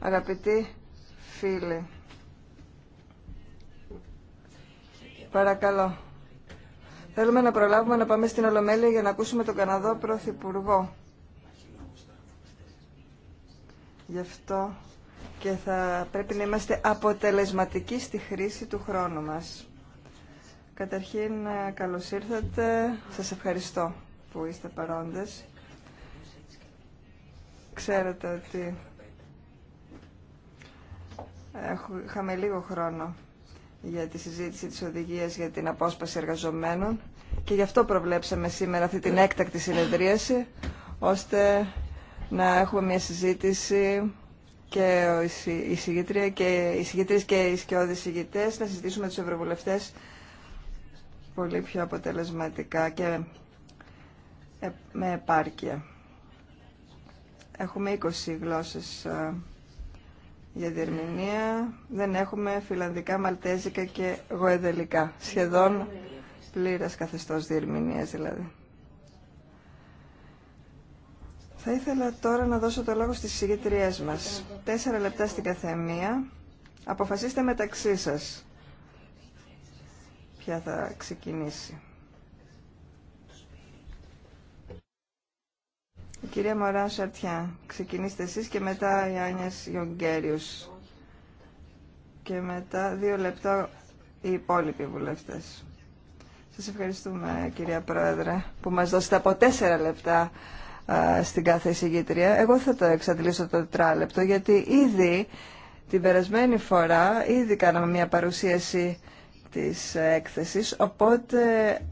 Αγαπητοί φίλοι, παρακαλώ. Θέλουμε να προλάβουμε να πάμε στην Ολομέλεια για να ακούσουμε τον Καναδό Πρωθυπουργό. Γι' αυτό και θα πρέπει να είμαστε αποτελεσματικοί στη χρήση του χρόνου μας. Καταρχήν, καλώς ήρθατε. Σας ευχαριστώ που είστε παρόντες. Ξέρετε ότι Είχαμε λίγο χρόνο για τη συζήτηση της οδηγίας για την απόσπαση εργαζομένων και γι' αυτό προβλέψαμε σήμερα αυτή την έκτακτη συνεδρίαση ώστε να έχουμε μια συζήτηση και οι συγγήτρια και οι συγγήτρες και οι σκιώδεις συγγητές να συζητήσουμε τους ευρωβουλευτές πολύ πιο αποτελεσματικά και με επάρκεια. Έχουμε 20 γλώσσες ε, για διερμηνία. Δεν έχουμε φιλανδικά, μαλτέζικα και γοεδελικά. Σχεδόν πλήρας καθεστώς διερμηνίας δηλαδή. Θα ήθελα τώρα να δώσω το λόγο στις συγκεκριές μας. Τέσσερα λεπτά στην καθεμία. Αποφασίστε μεταξύ σας ποια θα ξεκινήσει. Η κυρία Μωράν Σαρτιά, ξεκινήστε εσείς και μετά η Άνιας Γιονγκέριους. Και μετά δύο λεπτά οι υπόλοιποι βουλευτές. Σας ευχαριστούμε κυρία Πρόεδρε που μας δώσετε από τέσσερα λεπτά στην κάθε εισηγήτρια. Εγώ θα το εξαντλήσω το τετράλεπτο γιατί ήδη την περασμένη φορά ήδη κάναμε μια παρουσίαση της έκθεσης, οπότε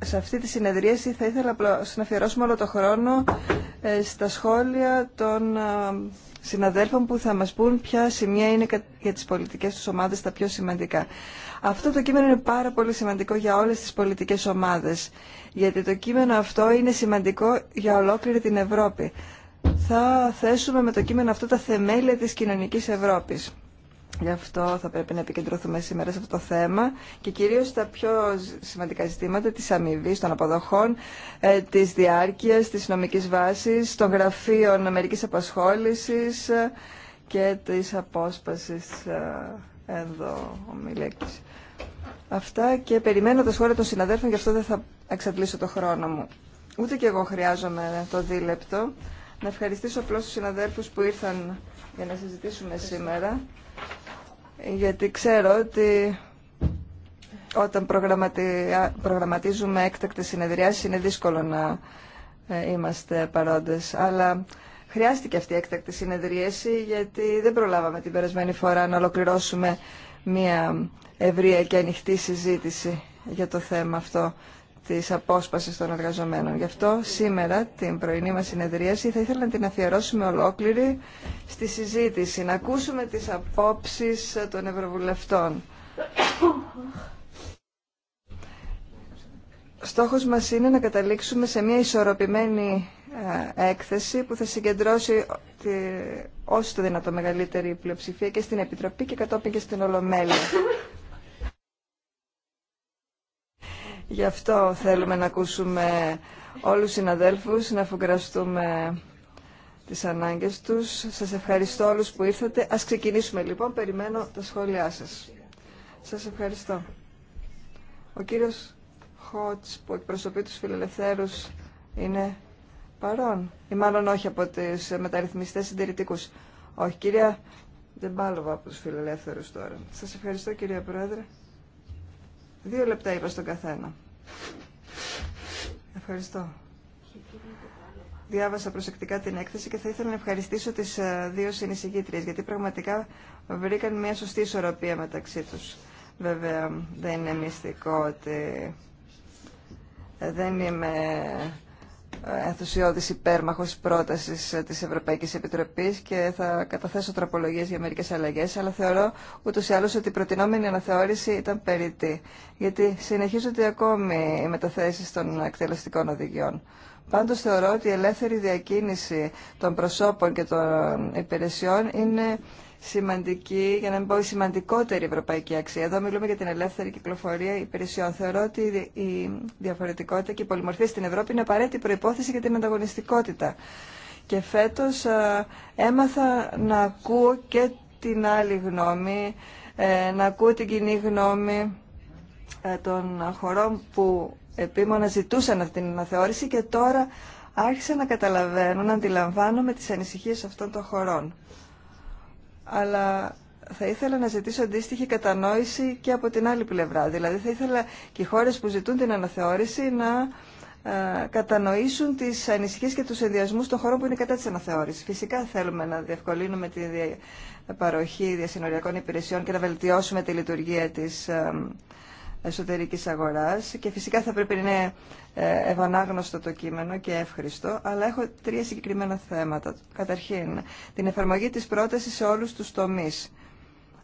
σε αυτή τη συνεδρίαση θα ήθελα να αφιερώσουμε όλο το χρόνο ε, στα σχόλια των ε, συναδέλφων που θα μας πούν ποια σημεία είναι για τις πολιτικές τους ομάδες τα πιο σημαντικά. Αυτό το κείμενο είναι πάρα πολύ σημαντικό για όλες τις πολιτικές ομάδες, γιατί το κείμενο αυτό είναι σημαντικό για ολόκληρη την Ευρώπη. Θα θέσουμε με το κείμενο αυτό τα θεμέλια της κοινωνικής Ευρώπης. Γι' αυτό θα πρέπει να επικεντρωθούμε σήμερα σε αυτό το θέμα και κυρίως στα πιο σημαντικά ζητήματα της αμοιβή των αποδοχών, ε, της διάρκειας, της νομικής βάσης, των γραφείων μερικής απασχόλησης ε, και της απόσπασης ε, εδώ Αυτά και περιμένω τα σχόλια των συναδέλφων, γι' αυτό δεν θα εξαντλήσω το χρόνο μου. Ούτε κι εγώ χρειάζομαι το δίλεπτο. Να ευχαριστήσω απλώ του συναδέλφου που ήρθαν για να συζητήσουμε σήμερα γιατί ξέρω ότι όταν προγραμματίζουμε έκτακτες συνεδριάσεις είναι δύσκολο να ε, είμαστε παρόντες. Αλλά χρειάστηκε αυτή η έκτακτη συνεδρίαση γιατί δεν προλάβαμε την περασμένη φορά να ολοκληρώσουμε μια ευρεία και ανοιχτή συζήτηση για το θέμα αυτό της απόσπασης των εργαζομένων. Γι' αυτό σήμερα την πρωινή μας συνεδρίαση θα ήθελα να την αφιερώσουμε ολόκληρη στη συζήτηση, να ακούσουμε τις απόψεις των Ευρωβουλευτών. Στόχος μας είναι να καταλήξουμε σε μια ισορροπημένη ε, έκθεση που θα συγκεντρώσει όσο το δυνατό μεγαλύτερη πλειοψηφία και στην Επιτροπή και κατόπιν και στην Ολομέλεια. Γι' αυτό θέλουμε να ακούσουμε όλους τους συναδέλφους, να αφουγκραστούμε τις ανάγκες τους. Σας ευχαριστώ όλους που ήρθατε. Ας ξεκινήσουμε λοιπόν. Περιμένω τα σχόλιά σας. Σας ευχαριστώ. Ο κύριος Χότς που εκπροσωπεί τους φιλελευθέρους είναι παρόν. Ή μάλλον όχι από τις μεταρρυθμιστές συντηρητικού. Όχι, κυρία δεν πάλω από τους φιλελεύθερους τώρα. Σας ευχαριστώ κυρία Πρόεδρε. Δύο λεπτά είπα στον καθένα. Ευχαριστώ. Διάβασα προσεκτικά την έκθεση και θα ήθελα να ευχαριστήσω τις ε, δύο συνεισηγήτριες, γιατί πραγματικά βρήκαν μια σωστή ισορροπία μεταξύ τους. Βέβαια, δεν είναι μυστικό ότι ε, δεν είμαι ενθουσιώδης υπέρμαχος πρότασης ε, της Ευρωπαϊκής Επιτροπής και θα καταθέσω τραπολογίες για μερικές αλλαγές, αλλά θεωρώ ούτως ή άλλως ότι η προτινόμενη αναθεώρηση ήταν περίτη, γιατί συνεχίζονται ακόμη οι μεταθέσεις των εκτελεστικών οδηγιών. Πάντως θεωρώ ότι η ελεύθερη διακίνηση των προσώπων και των υπηρεσιών είναι σημαντική, για να μην πω η σημαντικότερη ευρωπαϊκή αξία. Εδώ μιλούμε για την ελεύθερη κυκλοφορία υπηρεσιών. Θεωρώ ότι η διαφορετικότητα και η πολυμορφία στην Ευρώπη είναι απαραίτητη προπόθεση για την ανταγωνιστικότητα. Και φέτο έμαθα να ακούω και την άλλη γνώμη, ε, να ακούω την κοινή γνώμη ε, των χωρών που επίμονα ζητούσαν αυτή την αναθεώρηση και τώρα άρχισα να καταλαβαίνω, να αντιλαμβάνομαι τις ανησυχίες αυτών των χωρών αλλά θα ήθελα να ζητήσω αντίστοιχη κατανόηση και από την άλλη πλευρά. Δηλαδή θα ήθελα και οι χώρες που ζητούν την αναθεώρηση να ε, κατανοήσουν τις ανησυχίες και τους ενδιασμούς των χωρών που είναι κατά της αναθεώρησης. Φυσικά θέλουμε να διευκολύνουμε την ε, παροχή διασυνοριακών υπηρεσιών και να βελτιώσουμε τη λειτουργία της ε, εσωτερικής αγοράς και φυσικά θα πρέπει να είναι ε, ευανάγνωστο το κείμενο και εύχριστο, αλλά έχω τρία συγκεκριμένα θέματα. Καταρχήν, την εφαρμογή της πρότασης σε όλους τους τομείς.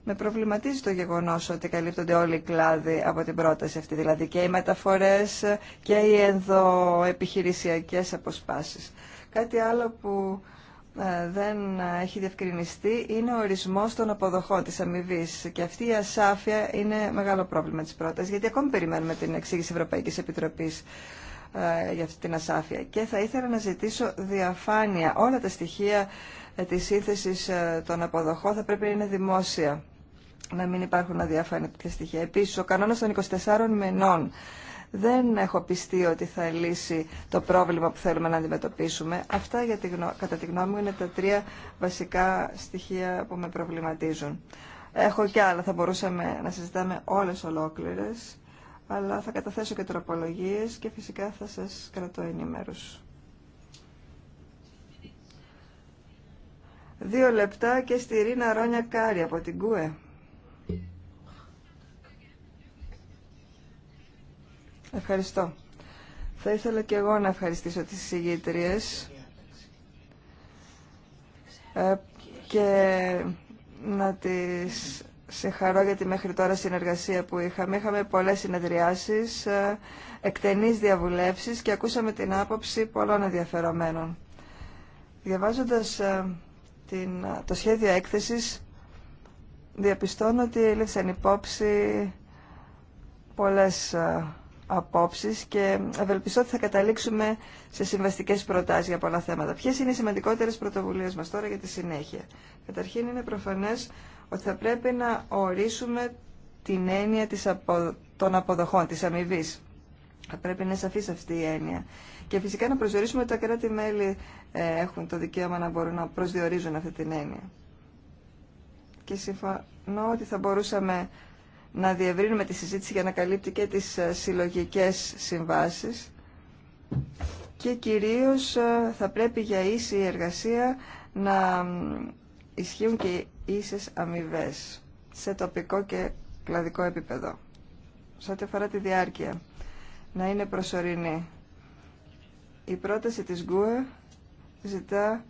Με προβληματίζει το γεγονός ότι καλύπτονται όλοι οι κλάδοι από την πρόταση αυτή, δηλαδή και οι μεταφορές και οι ενδοεπιχειρησιακές αποσπάσεις. Κάτι άλλο που ε, δεν έχει διευκρινιστεί είναι ο ορισμό των αποδοχών τη αμοιβή. Και αυτή η ασάφεια είναι μεγάλο πρόβλημα της πρόταση, γιατί ακόμη περιμένουμε την εξήγηση Ευρωπαϊκής Επιτροπής ε, για αυτή την ασάφεια. Και θα ήθελα να ζητήσω διαφάνεια. Όλα τα στοιχεία ε, της σύνθεση των αποδοχών θα πρέπει να είναι δημόσια. Να μην υπάρχουν αδιαφάνεια τέτοια στοιχεία. Επίσης, ο κανόνα των 24 μενών δεν έχω πιστεί ότι θα λύσει το πρόβλημα που θέλουμε να αντιμετωπίσουμε. Αυτά, για κατά τη γνώμη μου, είναι τα τρία βασικά στοιχεία που με προβληματίζουν. Έχω και άλλα, θα μπορούσαμε να συζητάμε όλες ολόκληρες, αλλά θα καταθέσω και τροπολογίες και φυσικά θα σας κρατώ ενημέρους. Δύο λεπτά και στη Ρίνα Ρόνια Κάρη από την ΚΟΕ. Ευχαριστώ. Θα ήθελα και εγώ να ευχαριστήσω τις συγγήτριες ε, και να τις συγχαρώ για τη μέχρι τώρα συνεργασία που είχαμε. Είχαμε πολλές συνεδριάσεις, ε, εκτενείς διαβουλεύσεις και ακούσαμε την άποψη πολλών ενδιαφερομένων. Διαβάζοντας ε, την, το σχέδιο έκθεσης, διαπιστώνω ότι έλεξαν υπόψη πολλές απόψεις και ευελπιστώ ότι θα καταλήξουμε σε συμβαστικές προτάσεις για πολλά θέματα. Ποιες είναι οι σημαντικότερες πρωτοβουλίες μας τώρα για τη συνέχεια. Καταρχήν είναι προφανές ότι θα πρέπει να ορίσουμε την έννοια της απο... των αποδοχών, της αμοιβή. Θα πρέπει να είναι σαφής αυτή η έννοια. Και φυσικά να προσδιορίσουμε ότι τα κράτη-μέλη ε, έχουν το δικαίωμα να μπορούν να προσδιορίζουν αυτή την έννοια. Και συμφωνώ ότι θα μπορούσαμε να διευρύνουμε τη συζήτηση για να καλύπτει και τις ε, συλλογικές συμβάσεις και κυρίως ε, θα πρέπει για ίση εργασία να ισχύουν και ίσες αμοιβέ σε τοπικό και κλαδικό επίπεδο. Σε ό,τι αφορά τη διάρκεια, να είναι προσωρινή. Η πρόταση της ΓΚΟΕ ζητά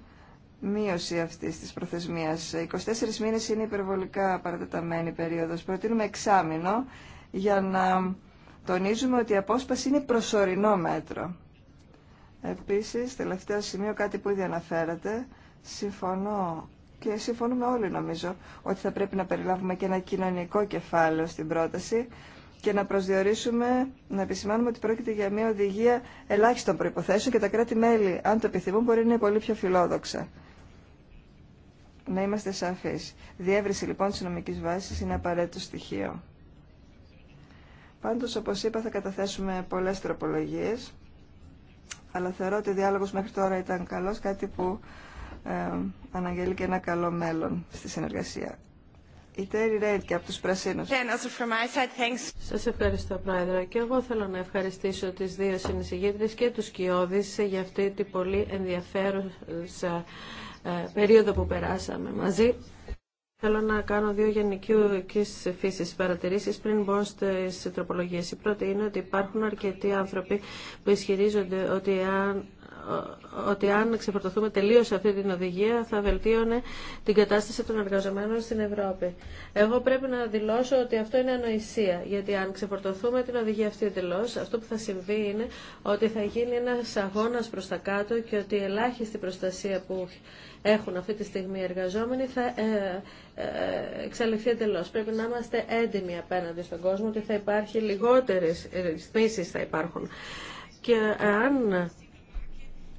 μείωση αυτής της προθεσμίας. 24 ε, μήνες είναι υπερβολικά παρατεταμένη περίοδος. Προτείνουμε εξάμεινο για να τονίζουμε ότι η απόσπαση είναι προσωρινό μέτρο. Επίσης, τελευταίο σημείο, κάτι που ήδη αναφέρατε, συμφωνώ και συμφωνούμε όλοι νομίζω ότι θα πρέπει να περιλάβουμε και ένα κοινωνικό κεφάλαιο στην πρόταση και να προσδιορίσουμε, να επισημάνουμε ότι πρόκειται για μια οδηγία ελάχιστων προϋποθέσεων και τα κράτη-μέλη, αν το επιθυμούν, μπορεί να είναι πολύ πιο φιλόδοξα. Να είμαστε σαφείς. Διεύρυνση λοιπόν της νομικής βάσης είναι απαραίτητο στοιχείο. Πάντως, όπως είπα, θα καταθέσουμε πολλές τροπολογίες, αλλά θεωρώ ότι ο διάλογος μέχρι τώρα ήταν καλός, κάτι που ε, αναγγέλει και ένα καλό μέλλον στη συνεργασία. Η Τέρι Ρέιτ και από τους Πρασίνους. Σας ευχαριστώ, Πρόεδρε. Και εγώ θέλω να ευχαριστήσω τις δύο συνεισηγήτρες και τους Κιώδης για αυτή την πολύ ενδιαφέρουσα ε, περίοδο που περάσαμε μαζί. Θέλω να κάνω δύο γενικού φύση παρατηρήσει πριν μπω στι τροπολογίε. Η πρώτη είναι ότι υπάρχουν αρκετοί άνθρωποι που ισχυρίζονται ότι αν ότι αν ξεφορτωθούμε τελείω αυτή την οδηγία θα βελτίωνε την κατάσταση των εργαζομένων στην Ευρώπη. Εγώ πρέπει να δηλώσω ότι αυτό είναι ανοησία, γιατί αν ξεφορτωθούμε την οδηγία αυτή εντελώ, αυτό που θα συμβεί είναι ότι θα γίνει ένα αγώνα προ τα κάτω και ότι η ελάχιστη προστασία που έχουν αυτή τη στιγμή οι εργαζόμενοι θα ε, ε, εξαλειφθεί εντελώ. Πρέπει να είμαστε έντιμοι απέναντι στον κόσμο ότι θα υπάρχει λιγότερε ρυθμίσει θα υπάρχουν. Και αν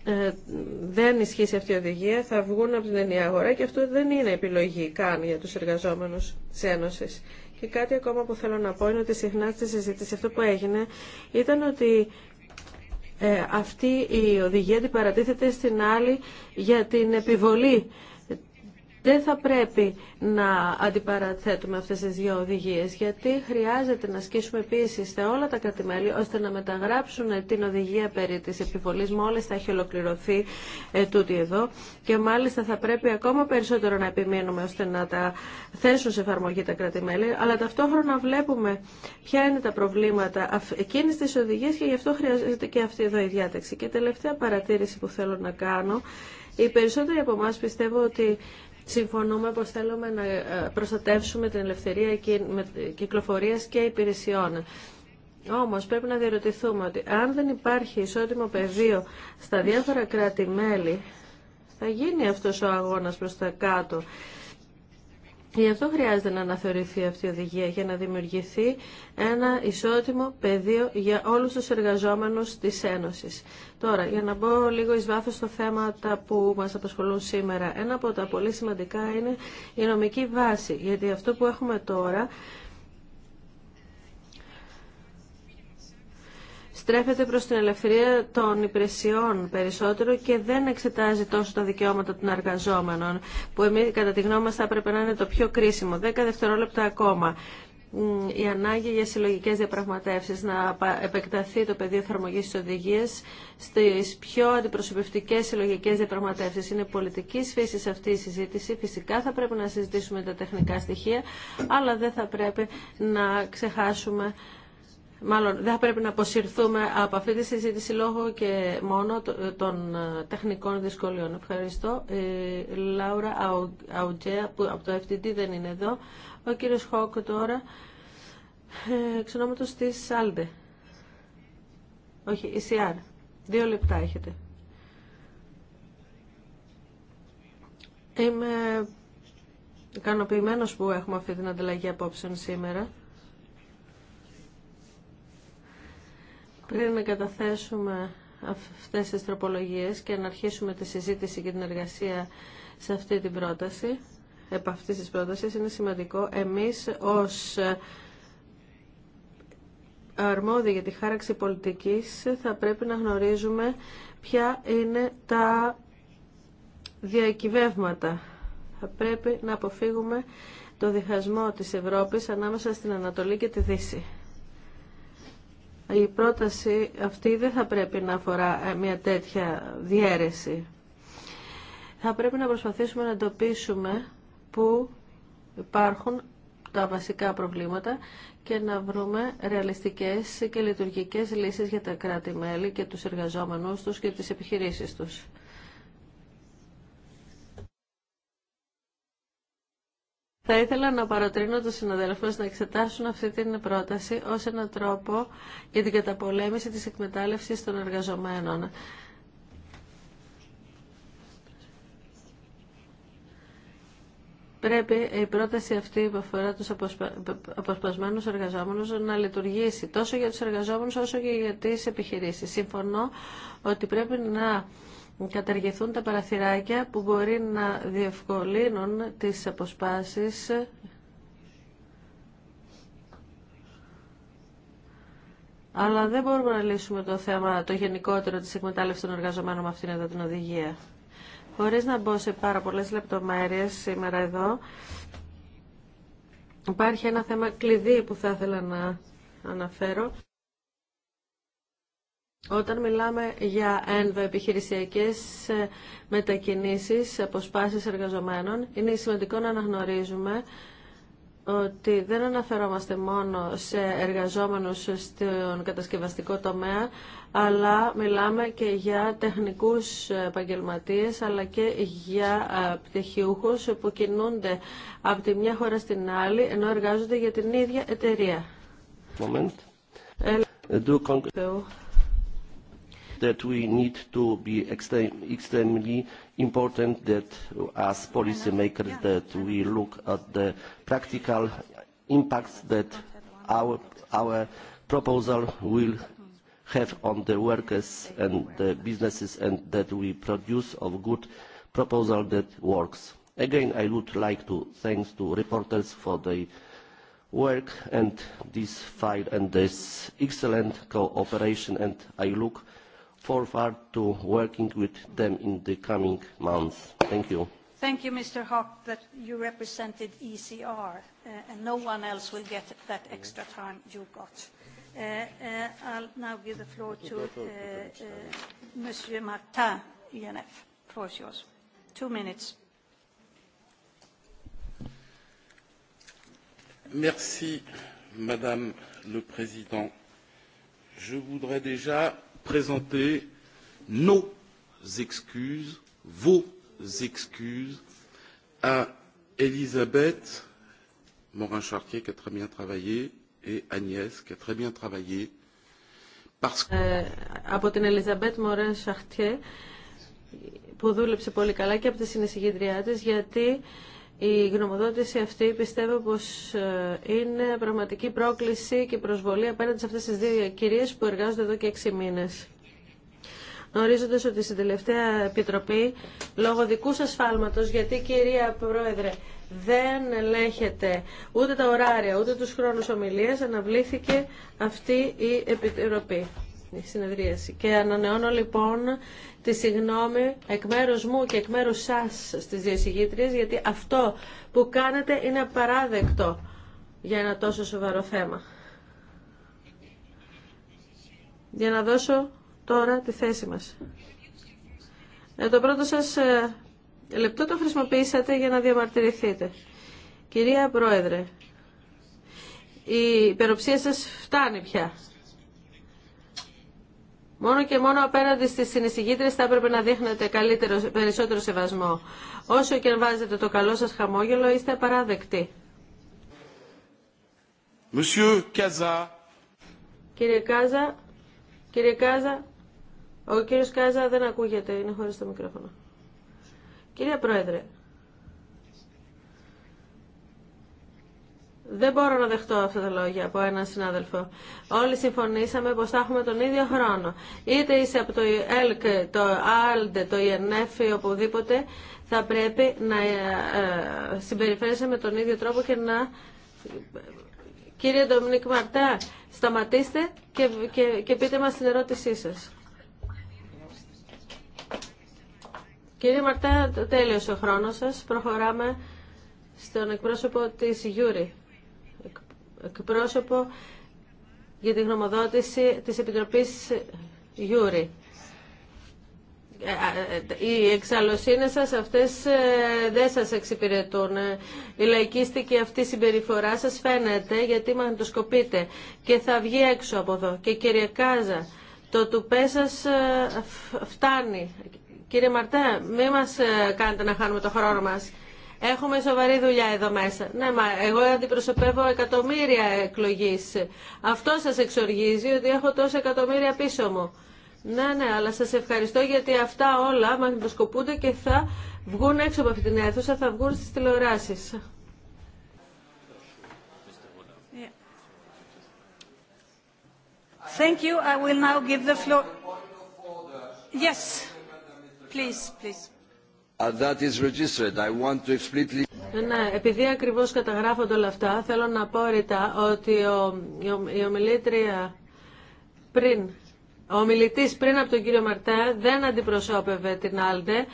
ε, δεν ισχύσει αυτή η οδηγία, θα βγουν από την ενιαία αγορά και αυτό δεν είναι επιλογή καν για τους εργαζόμενους της Ένωσης. Και κάτι ακόμα που θέλω να πω είναι ότι συχνά στη συζήτηση αυτό που έγινε ήταν ότι ε, αυτή η οδηγία παρατίθεται στην άλλη για την επιβολή δεν θα πρέπει να αντιπαραθέτουμε αυτές τις δύο οδηγίες, γιατί χρειάζεται να ασκήσουμε πίεση σε όλα τα κρατημέλη, ώστε να μεταγράψουν την οδηγία περί της επιβολής, μόλις θα έχει ολοκληρωθεί ε, τούτη εδώ. Και μάλιστα θα πρέπει ακόμα περισσότερο να επιμείνουμε, ώστε να τα θέσουν σε εφαρμογή τα κρατημέλη. Αλλά ταυτόχρονα βλέπουμε ποια είναι τα προβλήματα εκείνης της οδηγίας και γι' αυτό χρειάζεται και αυτή εδώ η διάταξη. Και τελευταία παρατήρηση που θέλω να κάνω. Οι περισσότεροι από εμά πιστεύω ότι συμφωνούμε πως θέλουμε να ε, προστατεύσουμε την ελευθερία κυκλοφορίας και υπηρεσιών. Όμως πρέπει να διερωτηθούμε ότι αν δεν υπάρχει ισότιμο πεδίο στα διάφορα κράτη-μέλη, θα γίνει αυτός ο αγώνας προς τα κάτω. Γι' αυτό χρειάζεται να αναθεωρηθεί αυτή η οδηγία για να δημιουργηθεί ένα ισότιμο πεδίο για όλους τους εργαζόμενους της Ένωσης. Τώρα, για να μπω λίγο εις βάθος στο θέμα τα που μας απασχολούν σήμερα. Ένα από τα πολύ σημαντικά είναι η νομική βάση, γιατί αυτό που έχουμε τώρα στρέφεται προς την ελευθερία των υπηρεσιών περισσότερο και δεν εξετάζει τόσο τα δικαιώματα των εργαζόμενων, που εμείς κατά τη γνώμη μας θα έπρεπε να είναι το πιο κρίσιμο. Δέκα δευτερόλεπτα ακόμα η ανάγκη για συλλογικές διαπραγματεύσεις, να επεκταθεί το πεδίο εφαρμογής της οδηγίας στις πιο αντιπροσωπευτικές συλλογικές διαπραγματεύσεις. Είναι πολιτική φύση αυτή η συζήτηση. Φυσικά θα πρέπει να συζητήσουμε τα τεχνικά στοιχεία, αλλά δεν θα πρέπει να ξεχάσουμε μάλλον δεν θα πρέπει να αποσυρθούμε από αυτή τη συζήτηση λόγω και μόνο των ε, τεχνικών δυσκολιών. Ευχαριστώ. Ε, Λάουρα Αουτζέα που από το FTD δεν είναι εδώ. Ο κύριος Χόκ τώρα, ε, εξ της ΣΑΛΔΕ. Όχι, ΣΙΑΡ. Δύο λεπτά έχετε. Είμαι ικανοποιημένος που έχουμε αυτή την ανταλλαγή απόψεων σήμερα. Πριν να καταθέσουμε αυτές τις τροπολογίες και να αρχίσουμε τη συζήτηση και την εργασία σε αυτή την πρόταση, επ' αυτής της πρότασης, είναι σημαντικό εμείς ως αρμόδιοι για τη χάραξη πολιτικής θα πρέπει να γνωρίζουμε ποια είναι τα διακυβεύματα. Θα πρέπει να αποφύγουμε το διχασμό της Ευρώπης ανάμεσα στην Ανατολή και τη Δύση η πρόταση αυτή δεν θα πρέπει να αφορά ε, μια τέτοια διαίρεση. Θα πρέπει να προσπαθήσουμε να εντοπίσουμε που υπάρχουν τα βασικά προβλήματα και να βρούμε ρεαλιστικές και λειτουργικές λύσεις για τα κράτη-μέλη και τους εργαζόμενους τους και τις επιχειρήσεις τους. Θα ήθελα να παροτρύνω τους συναδέλφους να εξετάσουν αυτή την πρόταση ως έναν τρόπο για την καταπολέμηση της εκμετάλλευσης των εργαζομένων. Πρέπει η πρόταση αυτή που αφορά τους αποσπασμένους εργαζόμενους να λειτουργήσει τόσο για τους εργαζόμενους όσο και για τις επιχειρήσεις. Συμφωνώ ότι πρέπει να καταργηθούν τα παραθυράκια που μπορεί να διευκολύνουν τις αποσπάσεις Αλλά δεν μπορούμε να λύσουμε το θέμα το γενικότερο της εκμετάλλευσης των εργαζομένων με αυτήν εδώ την οδηγία. Χωρίς να μπω σε πάρα πολλές λεπτομέρειες σήμερα εδώ, υπάρχει ένα θέμα κλειδί που θα ήθελα να αναφέρω. Όταν μιλάμε για επιχειρησιακές ε, μετακινήσεις, αποσπάσεις εργαζομένων, είναι σημαντικό να αναγνωρίζουμε ότι δεν αναφερόμαστε μόνο σε εργαζόμενους στον κατασκευαστικό τομέα, αλλά μιλάμε και για τεχνικούς επαγγελματίε, αλλά και για ε, πτυχιούχους που κινούνται από τη μια χώρα στην άλλη, ενώ εργάζονται για την ίδια εταιρεία. Moment. Ε, that we need to be extremely important that as policymakers that we look at the practical impacts that our proposal will have on the workers and the businesses and that we produce a good proposal that works. Again, I would like to thank to reporters for their work and this file and this excellent cooperation and I look forward to working with them in the coming months. Thank you. Thank you, Mr. Hock, that you represented ECR, and no one else will get that extra time you got. I'll now give the floor to Monsieur Martin, ENF. Floor is yours. Two minutes. Merci, Madame le Président. Je voudrais déjà présenter nos excuses, vos excuses à Elisabeth Morin-Chartier qui a très bien travaillé et Agnès qui a très bien travaillé. Parce... euh, από την Ελιζαμπέτ Μωρέν Σαχτιέ που δούλεψε πολύ καλά και από τη συνεισηγητριά της γιατί η γνωμοδότηση αυτή πιστεύω πως ε, είναι πραγματική πρόκληση και προσβολή απέναντι σε αυτές τις δύο κυρίες που εργάζονται εδώ και έξι μήνες. Γνωρίζοντα ότι στην τελευταία επιτροπή, λόγω δικού σα φάλματος, γιατί κυρία Πρόεδρε δεν ελέγχεται ούτε τα ωράρια ούτε τους χρόνους ομιλίας, αναβλήθηκε αυτή η επιτροπή συνεδρίαση. Και ανανεώνω λοιπόν τη συγνώμη εκ μέρους μου και εκ μέρους σας στις δύο γιατί αυτό που κάνετε είναι απαράδεκτο για ένα τόσο σοβαρό θέμα. Για να δώσω τώρα τη θέση μας. Ε, το πρώτο σας ε, λεπτό το χρησιμοποιήσατε για να διαμαρτυρηθείτε. Κυρία Πρόεδρε, η υπεροψία σας φτάνει πια. Μόνο και μόνο απέναντι στι συνεισηγήτρε θα έπρεπε να δείχνετε καλύτερο, περισσότερο σεβασμό. Όσο και αν βάζετε το καλό σα χαμόγελο, είστε απαράδεκτοι. Κύριε Κάζα, κύριε Κάζα, ο κύριος Κάζα δεν ακούγεται, είναι χωρίς το μικρόφωνο. Κύριε Πρόεδρε, Δεν μπορώ να δεχτώ αυτά τα λόγια από έναν συνάδελφο. Όλοι συμφωνήσαμε πως θα έχουμε τον ίδιο χρόνο. Είτε είσαι από το ΕΛΚ, το ΑΛΔΕ, το ΙΕΝΕΦ ή οπουδήποτε, θα πρέπει να ε, ε, συμπεριφέρεσαι με τον ίδιο τρόπο και να... Κύριε Ντομινίκ Μαρτά, σταματήστε και, και, και πείτε μας την ερώτησή σας. Κύριε Μαρτά, τέλειωσε ο χρόνος σας. Προχωράμε στον εκπρόσωπο της Γιούρη εκπρόσωπο για τη γνωμοδότηση της Επιτροπής Γιούρη. Ε, ε, ε, οι εξαλλοσύνες σας αυτές δεν σας εξυπηρετούν. Η λαϊκίστικη αυτή συμπεριφορά σας φαίνεται γιατί μαγνητοσκοπείτε και θα βγει έξω από εδώ. Και κύριε Κάζα, το τουπέ σας φτάνει. Κύριε Μαρτέ, μη μας κάνετε να χάνουμε το χρόνο μας. Έχουμε σοβαρή δουλειά εδώ μέσα. Ναι, μα εγώ αντιπροσωπεύω εκατομμύρια εκλογή. Αυτό σα εξοργίζει ότι έχω τόσα εκατομμύρια πίσω μου. Ναι, ναι, αλλά σας ευχαριστώ γιατί αυτά όλα μαγνητοσκοπούνται και θα βγουν έξω από αυτή την αίθουσα, θα βγουν στις τηλεοράσεις. Thank you. I will now give the floor. Yes, please, please. Uh, ναι, επειδή ακριβώς καταγράφονται όλα αυτά, θέλω να πω ότι ο, η πριν, ο ομιλητής πριν από τον κύριο Μαρτέ δεν αντιπροσώπευε την Άλντε,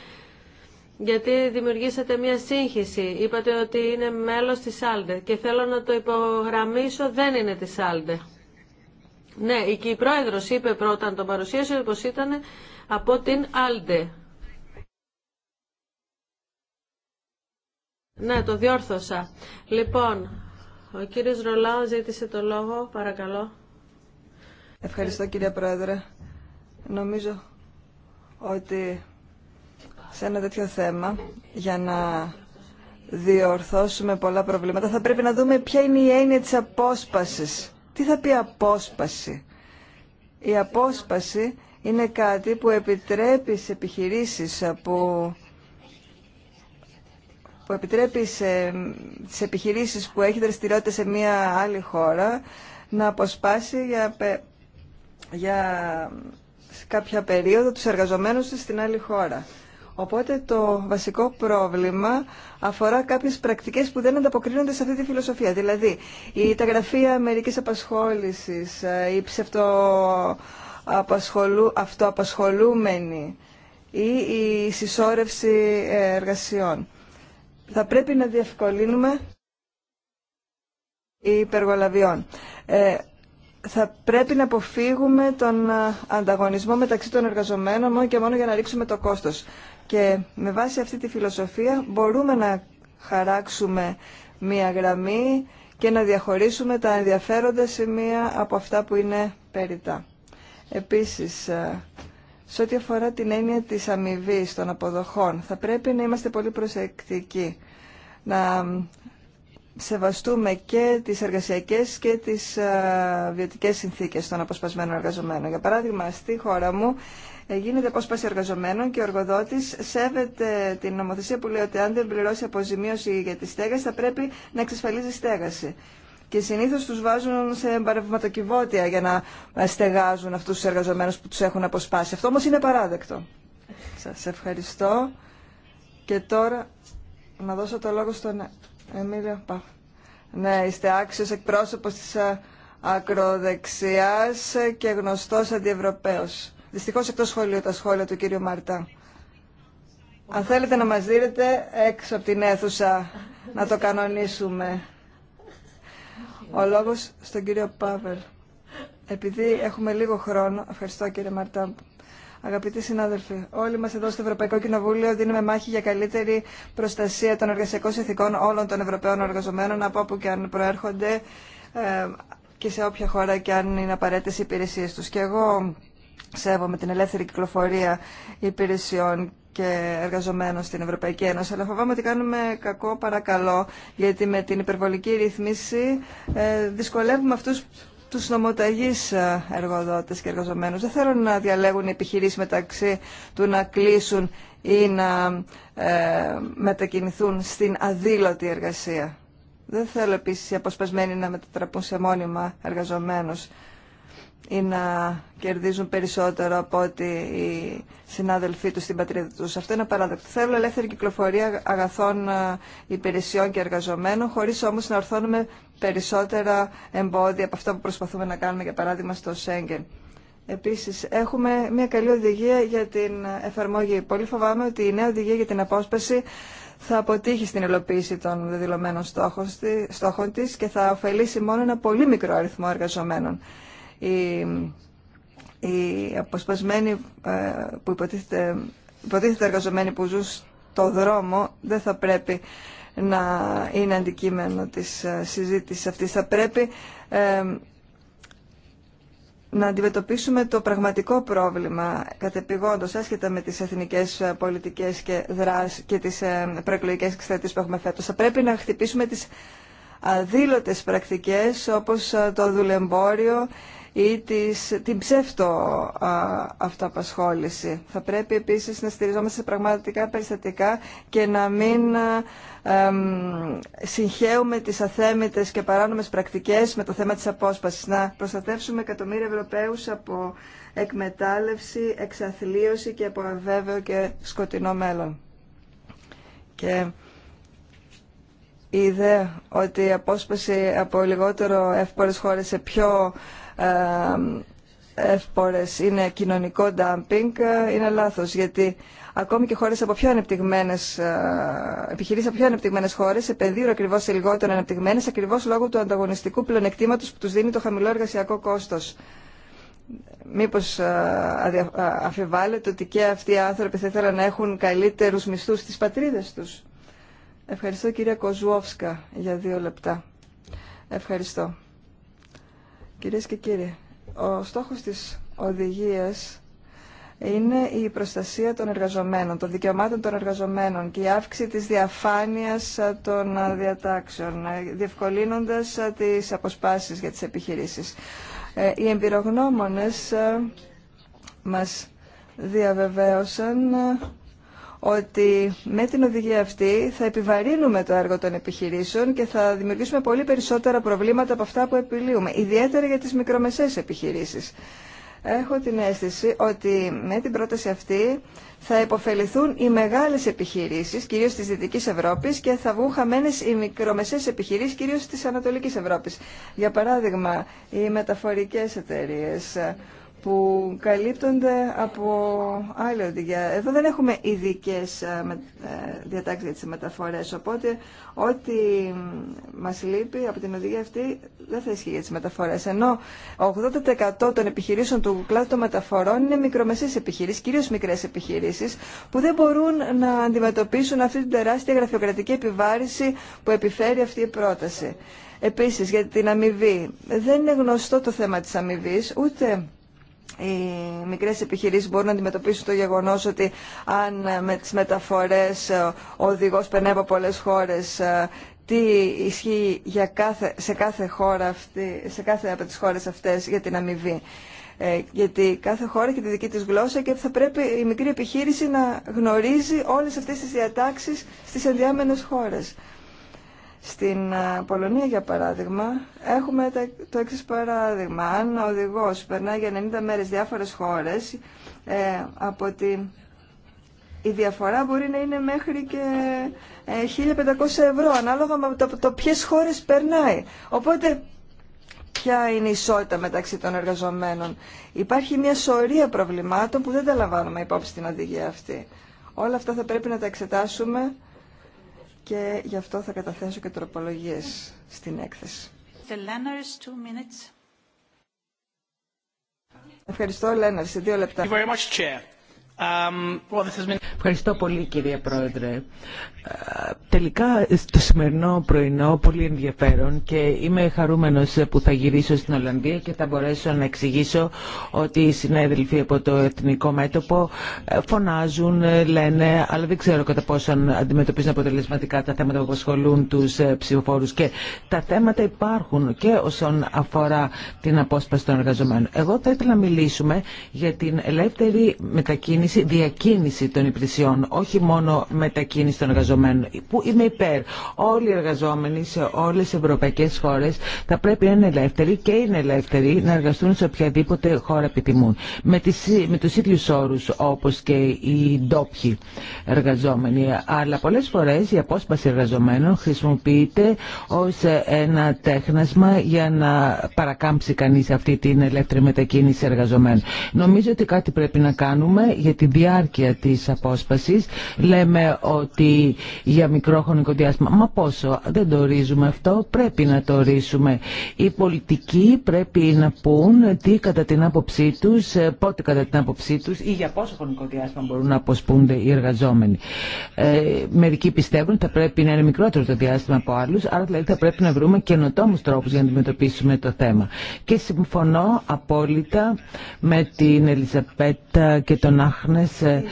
γιατί δημιουργήσατε μια σύγχυση. Είπατε ότι είναι μέλος της Άλντε και θέλω να το υπογραμμίσω, δεν είναι της Άλντε. Ναι, η, η πρόεδρος είπε πρώτα, τον παρουσίασε, πως ήταν από την Άλντε. Ναι, το διόρθωσα. Λοιπόν, ο κύριος Ρολάου ζήτησε το λόγο, παρακαλώ. Ευχαριστώ κύριε Πρόεδρε. Νομίζω ότι σε ένα τέτοιο θέμα, για να διορθώσουμε πολλά προβλήματα, θα πρέπει να δούμε ποια είναι η έννοια της απόσπασης. Τι θα πει απόσπαση. Η απόσπαση είναι κάτι που επιτρέπει σε επιχειρήσεις που που επιτρέπει σε, επιχειρήσεις που έχει δραστηριότητα σε μια άλλη χώρα να αποσπάσει για, για κάποια περίοδο τους εργαζομένους της στην άλλη χώρα. Οπότε το βασικό πρόβλημα αφορά κάποιες πρακτικές που δεν ανταποκρίνονται σε αυτή τη φιλοσοφία. Δηλαδή, η ταγραφία μερικής απασχόλησης, ε, η ψευτοαπασχολούμενη ή αυτοαπασχολούμενη ή η συσσόρευση ε, εργασιών θα πρέπει να διευκολύνουμε υπεργολαβιών. Ε, θα πρέπει να αποφύγουμε τον ε, ανταγωνισμό μεταξύ των εργαζομένων μόνο και μόνο για να ρίξουμε το κόστος. Και με βάση αυτή τη φιλοσοφία μπορούμε να χαράξουμε μία γραμμή και να διαχωρίσουμε τα ενδιαφέροντα σημεία από αυτά που είναι περιτά. Επίσης, ε, σε ό,τι αφορά την έννοια της αμοιβή των αποδοχών, θα πρέπει να είμαστε πολύ προσεκτικοί, να σεβαστούμε και τις εργασιακές και τις βιωτικές συνθήκες των αποσπασμένων εργαζομένων. Για παράδειγμα, στη χώρα μου ε, γίνεται απόσπαση εργαζομένων και ο εργοδότης σέβεται την νομοθεσία που λέει ότι αν δεν πληρώσει αποζημίωση για τη στέγαση θα πρέπει να εξασφαλίζει στέγαση και συνήθως τους βάζουν σε εμπαρευματοκιβώτια για να στεγάζουν αυτούς τους εργαζομένους που τους έχουν αποσπάσει. Αυτό όμως είναι παράδεκτο. Σας ευχαριστώ. Και τώρα να δώσω το λόγο στον Εμίλιο Πάφ. Ναι, είστε άξιος εκπρόσωπος της ε, ακροδεξιάς και γνωστός αντιευρωπαίος. Δυστυχώς εκτός σχολείου τα σχόλια του κύριου Μαρτά. Αν θέλετε να μας δίνετε έξω από την αίθουσα να το κανονίσουμε. Ο λόγο στον κύριο Πάβελ. Επειδή έχουμε λίγο χρόνο, ευχαριστώ κύριε Μαρτάμπ. Αγαπητοί συνάδελφοι, όλοι μα εδώ στο Ευρωπαϊκό Κοινοβούλιο δίνουμε μάχη για καλύτερη προστασία των εργασιακών συνθηκών όλων των Ευρωπαίων εργαζομένων από όπου και αν προέρχονται ε, και σε όποια χώρα και αν είναι απαραίτητε οι υπηρεσίε του. Και εγώ σέβομαι την ελεύθερη κυκλοφορία υπηρεσιών και εργαζομένων στην Ευρωπαϊκή Ένωση, αλλά φοβάμαι ότι κάνουμε κακό παρακαλώ, γιατί με την υπερβολική ρυθμίση ε, δυσκολεύουμε αυτούς τους νομοταγείς ε, εργοδότε και εργαζομένους. Δεν θέλουν να διαλέγουν οι επιχειρήσεις μεταξύ του να κλείσουν ή να ε, μετακινηθούν στην αδήλωτη εργασία. Δεν θέλω επίση οι αποσπασμένοι να μετατραπούν σε μόνιμα εργαζομένου ή να κερδίζουν περισσότερο από ότι οι συνάδελφοί τους στην πατρίδα τους. Αυτό είναι παράδοξο. Θέλω ελεύθερη κυκλοφορία αγαθών ε, υπηρεσιών και εργαζομένων, χωρίς όμως να ορθώνουμε περισσότερα εμπόδια από αυτά που προσπαθούμε να κάνουμε, για παράδειγμα, στο Σέγγεν. Επίσης, έχουμε μια καλή οδηγία για την εφαρμογή. Πολύ φοβάμαι ότι η νέα οδηγία για την απόσπαση θα αποτύχει στην υλοποίηση των δηλωμένων στόχων της και θα ωφελήσει μόνο ένα πολύ μικρό αριθμό εργαζομένων οι, η αποσπασμένοι ε, που υποτίθεται, υποτίθεται εργαζομένοι που ζουν στο δρόμο δεν θα πρέπει να είναι αντικείμενο της ε, συζήτησης αυτής. Θα πρέπει ε, να αντιμετωπίσουμε το πραγματικό πρόβλημα κατεπηγόντως άσχετα με τις εθνικές πολιτικές και, δράσεις και τις προεκλογικές εξτρατείες που έχουμε φέτος. Θα πρέπει να χτυπήσουμε τις αδήλωτες πρακτικές όπως το δουλεμπόριο, ή της, την ψεύτο αυτοαπασχόληση. Θα πρέπει επίσης να στηριζόμαστε σε πραγματικά περιστατικά και να μην α, συγχαίουμε τις αθέμητες και παράνομες πρακτικές με το θέμα της απόσπασης. Να προστατεύσουμε εκατομμύρια Ευρωπαίους από εκμετάλλευση, εξαθλίωση και από αβέβαιο και σκοτεινό μέλλον. Και η ιδέα ότι η απόσπαση από λιγότερο εύπορες χώρες σε πιο εύπορες ε, είναι κοινωνικό ντάμπινγκ ε, είναι λάθος γιατί ακόμη και χώρες από πιο ανεπτυγμένες ε, επιχειρήσεις από πιο ανεπτυγμένες χώρες επενδύουν ακριβώς σε λιγότερο ανεπτυγμένες ακριβώς λόγω του ανταγωνιστικού πλεονεκτήματος που τους δίνει το χαμηλό εργασιακό κόστος. Μήπως αφιβάλλεται ότι και αυτοί οι άνθρωποι θα ήθελαν να έχουν καλύτερους μισθούς στις πατρίδες τους. Ευχαριστώ κυρία Κοζουόφσκα για δύο λεπτά. Ευχαριστώ. Κυρίες και κύριοι, ο στόχος της οδηγίας είναι η προστασία των εργαζομένων, των δικαιωμάτων των εργαζομένων και η αύξηση της διαφάνειας των διατάξεων, διευκολύνοντας τις αποσπάσεις για τις επιχειρήσεις. Ε, οι εμπειρογνώμονες ε, μας διαβεβαίωσαν ε, ότι με την οδηγία αυτή θα επιβαρύνουμε το έργο των επιχειρήσεων και θα δημιουργήσουμε πολύ περισσότερα προβλήματα από αυτά που επιλύουμε, ιδιαίτερα για τις μικρομεσαίες επιχειρήσεις. Έχω την αίσθηση ότι με την πρόταση αυτή θα υποφεληθούν οι μεγάλες επιχειρήσεις, κυρίως της Δυτικής Ευρώπης, και θα βγουν χαμένες οι μικρομεσαίες επιχειρήσεις, κυρίως της Ανατολικής Ευρώπης. Για παράδειγμα, οι μεταφορικές εταιρείες, που καλύπτονται από άλλη οδηγία. Εδώ δεν έχουμε ειδικέ ε, ε, διατάξει για τι μεταφορέ. οπότε ό,τι μα λείπει από την οδηγία αυτή δεν θα ισχύει για τι μεταφορέ, Ενώ 80% των επιχειρήσεων του κλάδου των μεταφορών είναι μικρομεσαίες επιχειρήσει, κυρίω μικρέ επιχειρήσει που δεν μπορούν να αντιμετωπίσουν αυτή την τεράστια γραφειοκρατική επιβάρηση που επιφέρει αυτή η πρόταση. Επίσης, για την αμοιβή. Δεν είναι γνωστό το θέμα της αμοιβή, ούτε οι μικρές επιχειρήσεις μπορούν να αντιμετωπίσουν το γεγονός ότι αν ε, με τις μεταφορές ε, ο οδηγός περνάει από πολλές χώρες ε, τι ισχύει για κάθε, σε κάθε χώρα αυτή, σε κάθε από τις χώρες αυτές για την αμοιβή. γιατί κάθε χώρα έχει τη δική της γλώσσα και θα πρέπει η μικρή επιχείρηση να γνωρίζει όλες αυτές τις διατάξεις στις ενδιάμενες χώρες. Στην ε, Πολωνία, για παράδειγμα, έχουμε το εξή παράδειγμα. Αν ο οδηγό περνάει για 90 μέρε διάφορε χώρε, ε, από η διαφορά μπορεί να είναι μέχρι και 1500 ε, ευρώ, ανάλογα με το, το ποιε χώρε περνάει. Οπότε, ποια είναι η ισότητα μεταξύ των εργαζομένων. Υπάρχει μια σωρία προβλημάτων που δεν τα λαμβάνουμε υπόψη στην οδηγία αυτή. Όλα αυτά θα πρέπει να τα εξετάσουμε και γι' αυτό θα καταθέσω και τροπολογίες στην έκθεση. The Lenners, two minutes. Ευχαριστώ, Λέναρ, σε δύο λεπτά. Um, Ευχαριστώ πολύ, κυρία Πρόεδρε. Τελικά το σημερινό πρωινό πολύ ενδιαφέρον και είμαι χαρούμενος που θα γυρίσω στην Ολλανδία και θα μπορέσω να εξηγήσω ότι οι συνέδελφοι από το Εθνικό Μέτωπο ε, φωνάζουν, ε, λένε, αλλά δεν ξέρω κατά πόσο αντιμετωπίζουν αποτελεσματικά τα θέματα που ασχολούν τους ε, ψηφοφόρους και τα θέματα υπάρχουν και όσον αφορά την απόσπαση των εργαζομένων. Εγώ θα ήθελα να μιλήσουμε για την ελεύθερη μετακίνηση, διακίνηση των υπηρεσιών, όχι μόνο μετακίνηση των εργαζομένων που είμαι υπέρ. Όλοι οι εργαζόμενοι σε όλε τι ευρωπαϊκέ χώρε θα πρέπει να είναι ελεύθεροι και είναι ελεύθεροι να εργαστούν σε οποιαδήποτε χώρα επιτιμούν. Με, τις, με τους ίδιους όρους όπως και οι ντόπιοι εργαζόμενοι. Αλλά πολλέ φορέ η απόσπαση εργαζομένων χρησιμοποιείται ω ένα τέχνασμα για να παρακάμψει κανεί αυτή την ελεύθερη μετακίνηση εργαζομένων. Νομίζω ότι κάτι πρέπει να κάνουμε για τη διάρκεια της απόσπαση Λέμε ότι για μικρό χρονικό διάστημα. Μα πόσο δεν το ορίζουμε αυτό, πρέπει να το ορίσουμε. Οι πολιτικοί πρέπει να πούν τι κατά την άποψή τους, ε, πότε κατά την άποψή τους ή για πόσο χρονικό διάστημα μπορούν να αποσπούνται οι εργαζόμενοι. Ε, μερικοί πιστεύουν ότι θα πρέπει να είναι μικρότερο το διάστημα από άλλους, άρα δηλαδή θα πρέπει να βρούμε καινοτόμους τρόπους για να αντιμετωπίσουμε το θέμα. Και συμφωνώ απόλυτα με την Ελισαπέτα και τον Άχνες ε,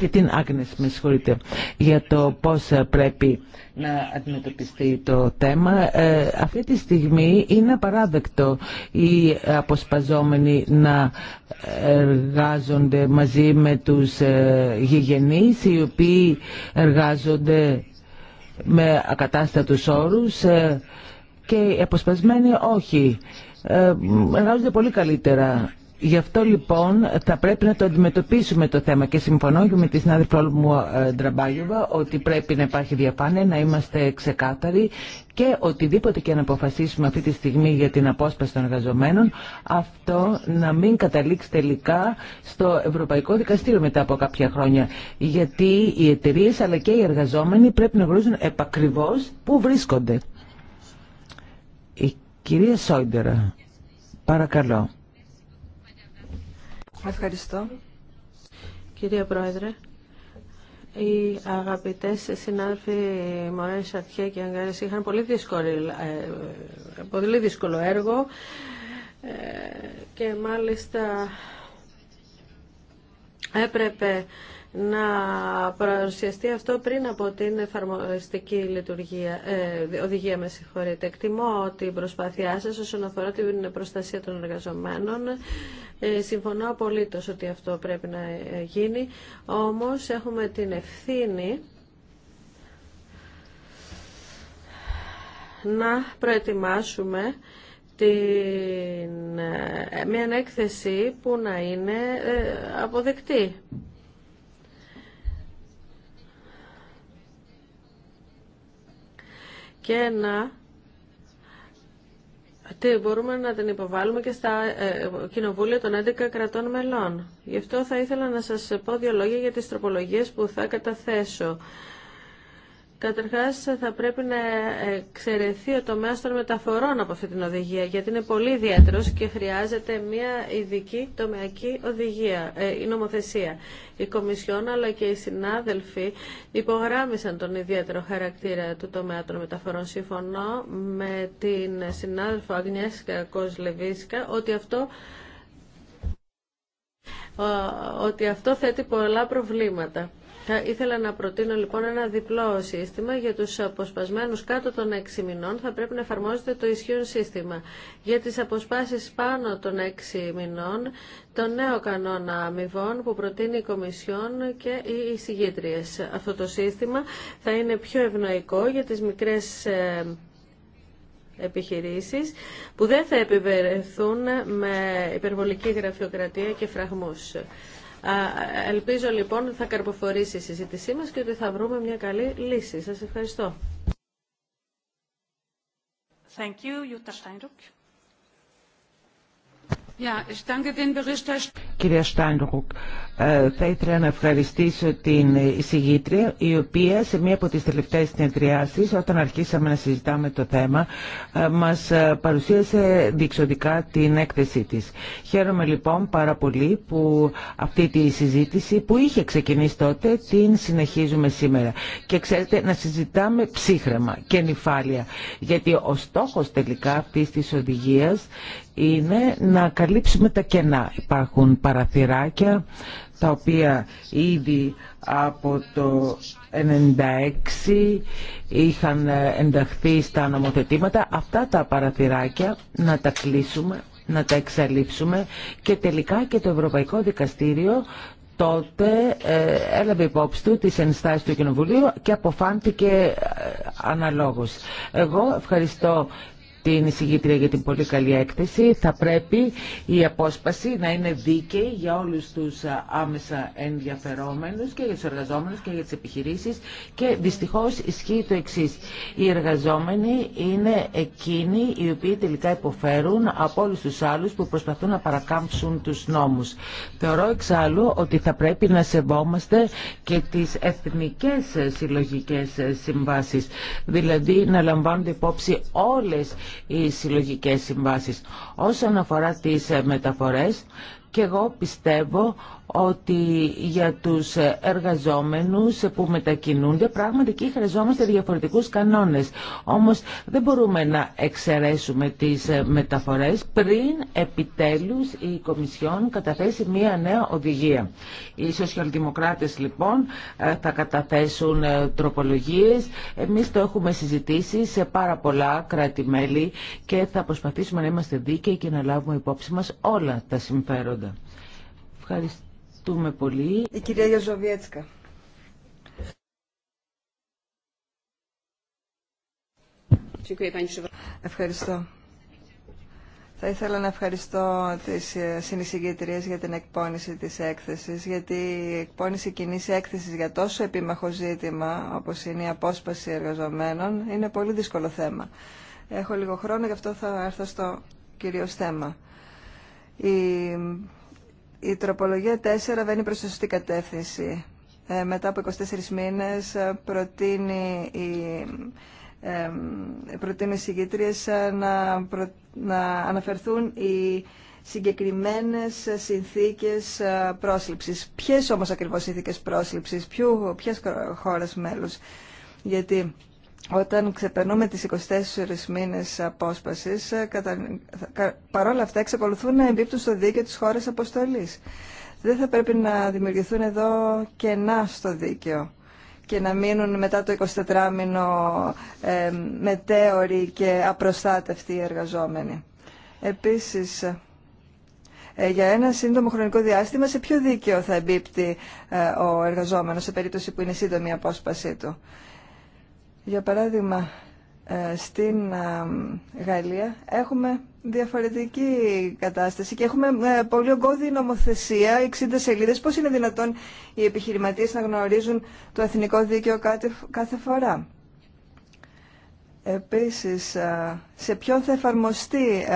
και την Άγνες, με συγχωρείτε, για το πώς πρέπει να αντιμετωπιστεί το θέμα. Ε, αυτή τη στιγμή είναι απαράδεκτο οι αποσπαζόμενοι να εργάζονται μαζί με τους ε, γηγενείς, οι οποίοι εργάζονται με ακατάστατους όρους ε, και οι αποσπασμένοι όχι. εργάζονται πολύ καλύτερα Γι' αυτό λοιπόν θα πρέπει να το αντιμετωπίσουμε το θέμα και συμφωνώ και με τη συνάδελφό μου ε, Ντραμπάγιοβα ότι πρέπει να υπάρχει διαφάνεια, να είμαστε ξεκάθαροι και οτιδήποτε και να αποφασίσουμε αυτή τη στιγμή για την απόσπαση των εργαζομένων, αυτό να μην καταλήξει τελικά στο Ευρωπαϊκό Δικαστήριο μετά από κάποια χρόνια. Γιατί οι εταιρείε αλλά και οι εργαζόμενοι πρέπει να γνωρίζουν επακριβώ πού βρίσκονται. Η κυρία Σόιντερα, παρακαλώ. Ευχαριστώ. Κυρία Πρόεδρε, οι αγαπητές συνάδελφοι Μωρέν Σαρτιέ και Αγκάρες είχαν πολύ δύσκολο, ε, πολύ δύσκολο έργο ε, και μάλιστα έπρεπε να παρουσιαστεί αυτό πριν από την εφαρμοστική λειτουργία, ε, οδηγία. Με συγχωρείτε. Εκτιμώ την προσπάθειά σας όσον αφορά την προστασία των εργαζομένων. Ε, συμφωνώ απολύτως ότι αυτό πρέπει να γίνει. Όμως έχουμε την ευθύνη να προετοιμάσουμε την, ε, μια έκθεση που να είναι ε, αποδεκτή. και να μπορούμε να την υποβάλουμε και στα ε, κοινοβούλια των 11 κρατών μελών. Γι' αυτό θα ήθελα να σας πω δύο λόγια για τις τροπολογίες που θα καταθέσω. Καταρχά θα πρέπει να εξαιρεθεί ο τομέα των μεταφορών από αυτή την οδηγία γιατί είναι πολύ ιδιαίτερο και χρειάζεται μια ειδική τομεακή οδηγία, ε, η νομοθεσία. Η Κομισιόν αλλά και οι συνάδελφοι υπογράμμισαν τον ιδιαίτερο χαρακτήρα του τομέα των μεταφορών. Συμφωνώ με την συνάδελφο Αγνιέσκα Κοσλεβίσκα ότι αυτό ότι αυτό θέτει πολλά προβλήματα. Θα ήθελα να προτείνω λοιπόν ένα διπλό σύστημα για τους αποσπασμένους κάτω των 6 μηνών θα πρέπει να εφαρμόζεται το ισχύον σύστημα. Για τις αποσπάσεις πάνω των 6 μηνών το νέο κανόνα αμοιβών που προτείνει η Κομισιόν και οι εισηγήτριες. Αυτό το σύστημα θα είναι πιο ευνοϊκό για τις μικρές ε, επιχειρήσεις που δεν θα επιβερεθούν με υπερβολική γραφειοκρατία και φραγμούς. Ελπίζω λοιπόν ότι θα καρποφορήσει η συζήτησή μας και ότι θα βρούμε μια καλή λύση. Σας ευχαριστώ. Thank you, Κυρία Στάνρουκ, ε, θα ήθελα να ευχαριστήσω την εισηγήτρια η οποία σε μία από τις τελευταίες συνεδριάσεις όταν αρχίσαμε να συζητάμε το θέμα ε, μας ε, παρουσίασε διεξοδικά την έκθεσή της. Χαίρομαι λοιπόν πάρα πολύ που αυτή τη συζήτηση που είχε ξεκινήσει τότε την συνεχίζουμε σήμερα. Και ξέρετε να συζητάμε ψύχρεμα και νυφάλια γιατί ο στόχος τελικά αυτής της οδηγίας είναι να καλύψουμε τα κενά. Υπάρχουν παραθυράκια τα οποία ήδη από το 1996 είχαν ενταχθεί στα νομοθετήματα. Αυτά τα παραθυράκια να τα κλείσουμε, να τα εξαλείψουμε και τελικά και το Ευρωπαϊκό Δικαστήριο τότε ε, έλαβε υπόψη του τις ενστάσεις του Κοινοβουλίου και αποφάνθηκε ε, αναλόγως. Εγώ ευχαριστώ την εισηγήτρια για την πολύ καλή έκθεση. Θα πρέπει η απόσπαση να είναι δίκαιη για όλους τους άμεσα ενδιαφερόμενους και για τους εργαζόμενους και για τις επιχειρήσεις και δυστυχώς ισχύει το εξή. Οι εργαζόμενοι είναι εκείνοι οι οποίοι τελικά υποφέρουν από όλους τους άλλους που προσπαθούν να παρακάμψουν τους νόμους. Θεωρώ εξάλλου ότι θα πρέπει να σεβόμαστε και τις εθνικές συλλογικές ε, συμβάσεις, δηλαδή να λαμβάνονται υπόψη όλες οι συλλογικέ συμβάσεις. Όσον αφορά τις μεταφορές, και εγώ πιστεύω ότι για τους εργαζόμενους που μετακινούνται πράγματι εκεί χρειαζόμαστε διαφορετικούς κανόνες. Όμως δεν μπορούμε να εξαιρέσουμε τις ε, μεταφορές πριν επιτέλους η Κομισιόν καταθέσει μία νέα οδηγία. Οι σοσιαλδημοκράτες λοιπόν ε, θα καταθέσουν ε, τροπολογίες. Εμείς το έχουμε συζητήσει σε πάρα πολλά κράτη-μέλη και θα προσπαθήσουμε να είμαστε δίκαιοι και να λάβουμε υπόψη μας όλα τα συμφέροντα. Ευχαριστώ. Ευχαριστούμε πολύ. Η κυρία Γιαζοβιέτσκα. Ευχαριστώ. Θα ήθελα να ευχαριστώ τις ε, συνεισηγητρίες για την εκπόνηση της έκθεσης, γιατί η εκπόνηση κοινή έκθεσης για τόσο επίμαχο ζήτημα, όπως είναι η απόσπαση εργαζομένων, είναι πολύ δύσκολο θέμα. Έχω λίγο χρόνο, γι' αυτό θα έρθω στο κυρίως θέμα. Η η τροπολογία 4 βαίνει προς τη σωστή κατεύθυνση. Ε, μετά από 24 μήνες ε, προτείνει η, προτείνει οι ε, να, να αναφερθούν οι συγκεκριμένες συνθήκες πρόσληψης. Ποιες όμως ακριβώς συνθήκες πρόσληψης, ποιες χώρες μέλους. Γιατί όταν ξεπερνούμε τις 24 μήνες απόσπασης, ε, παρόλα αυτά εξακολουθούν να εμπίπτουν στο δίκαιο της χώρας αποστολής. Δεν θα πρέπει να δημιουργηθούν εδώ κενά στο δίκαιο και να μείνουν μετά το 24μηνο ε, μετέωροι και απροστάτευτοι οι εργαζόμενοι. Επίσης, ε, για ένα σύντομο χρονικό διάστημα σε ποιο δίκαιο θα εμπίπτει ε, ο εργαζόμενος σε περίπτωση που είναι σύντομη η απόσπασή του. Για παράδειγμα, ε, στην ε, Γαλλία έχουμε διαφορετική κατάσταση και έχουμε ε, πολύ ογκώδη νομοθεσία, 60 σελίδες. Πώς είναι δυνατόν οι επιχειρηματίες να γνωρίζουν το εθνικό δίκαιο κάθε φορά. Επίσης, σε ποιον θα εφαρμοστεί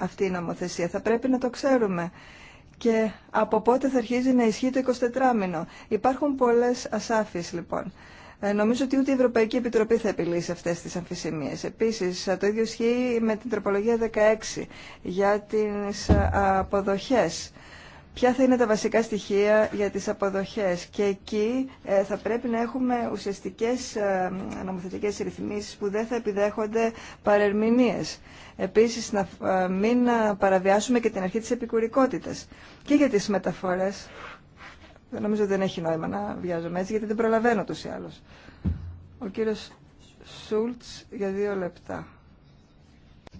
αυτή η νομοθεσία. Θα πρέπει να το ξέρουμε. Και από πότε θα αρχίζει να ισχύει το 24 μήνο. Υπάρχουν πολλές ασάφειες λοιπόν. Ε, νομίζω ότι ούτε η Ευρωπαϊκή Επιτροπή θα επιλύσει αυτές τις αμφισημίε. Επίσης, το ίδιο ισχύει με την τροπολογία 16 για τι ε, αποδοχές. Ποια θα είναι τα βασικά στοιχεία για τις αποδοχές και εκεί ε, θα πρέπει να έχουμε ουσιαστικές νομοθετικές ρυθμίσεις που δεν θα επιδέχονται παρερμηνίες. Επίσης να μην παραβιάσουμε και την αρχή της επικουρικότητας και για τις μεταφορές δεν Νομίζω δεν έχει νόημα να βιάζομαι έτσι, γιατί δεν προλαβαίνω τους ή άλλως. Ο κύριος Σούλτς για δύο λεπτά.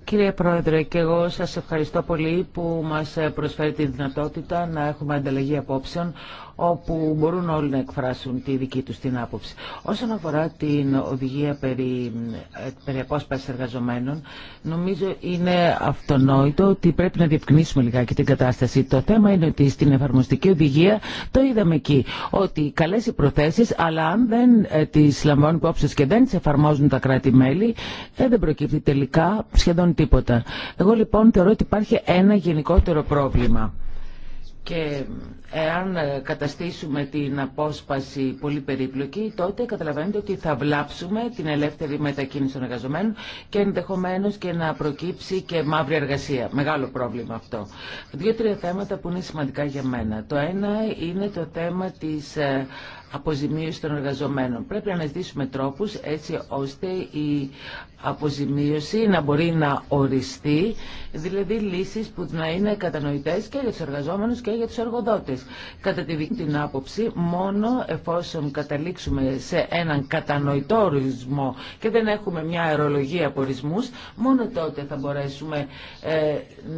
Κύριε Πρόεδρε, και εγώ σας ευχαριστώ πολύ που μας προσφέρει τη δυνατότητα να έχουμε ανταλλαγή απόψεων όπου μπορούν όλοι να εκφράσουν τη δική τους την άποψη. Όσον αφορά την οδηγία περί, ε, περί απόσπασης εργαζομένων, νομίζω είναι αυτονόητο ότι πρέπει να διευκρινίσουμε λιγάκι την κατάσταση. Το θέμα είναι ότι στην εφαρμοστική οδηγία το είδαμε εκεί, ότι καλές οι προθέσεις, αλλά αν δεν ε, τις λαμβάνουν υπόψη και δεν τις εφαρμόζουν τα κράτη-μέλη, ε, δεν προκύπτει τελικά σχεδόν τίποτα. Εγώ λοιπόν θεωρώ ότι υπάρχει ένα γενικότερο πρόβλημα. Και εάν ε, καταστήσουμε την απόσπαση πολύ περίπλοκη, τότε καταλαβαίνετε ότι θα βλάψουμε την ελεύθερη μετακίνηση των εργαζομένων και ενδεχομένως και να προκύψει και μαύρη εργασία. Μεγάλο πρόβλημα αυτό. Δύο-τρία θέματα που είναι σημαντικά για μένα. Το ένα είναι το θέμα της ε, αποζημίωση των εργαζομένων. Πρέπει να αναζητήσουμε τρόπους έτσι ώστε η αποζημίωση να μπορεί να οριστεί, δηλαδή λύσεις που να είναι κατανοητές και για τους εργαζόμενους και για τους εργοδότες. Κατά τη δική την άποψη, μόνο εφόσον καταλήξουμε σε έναν κατανοητό ορισμό και δεν έχουμε μια αερολογία από ορισμούς, μόνο τότε θα μπορέσουμε ε,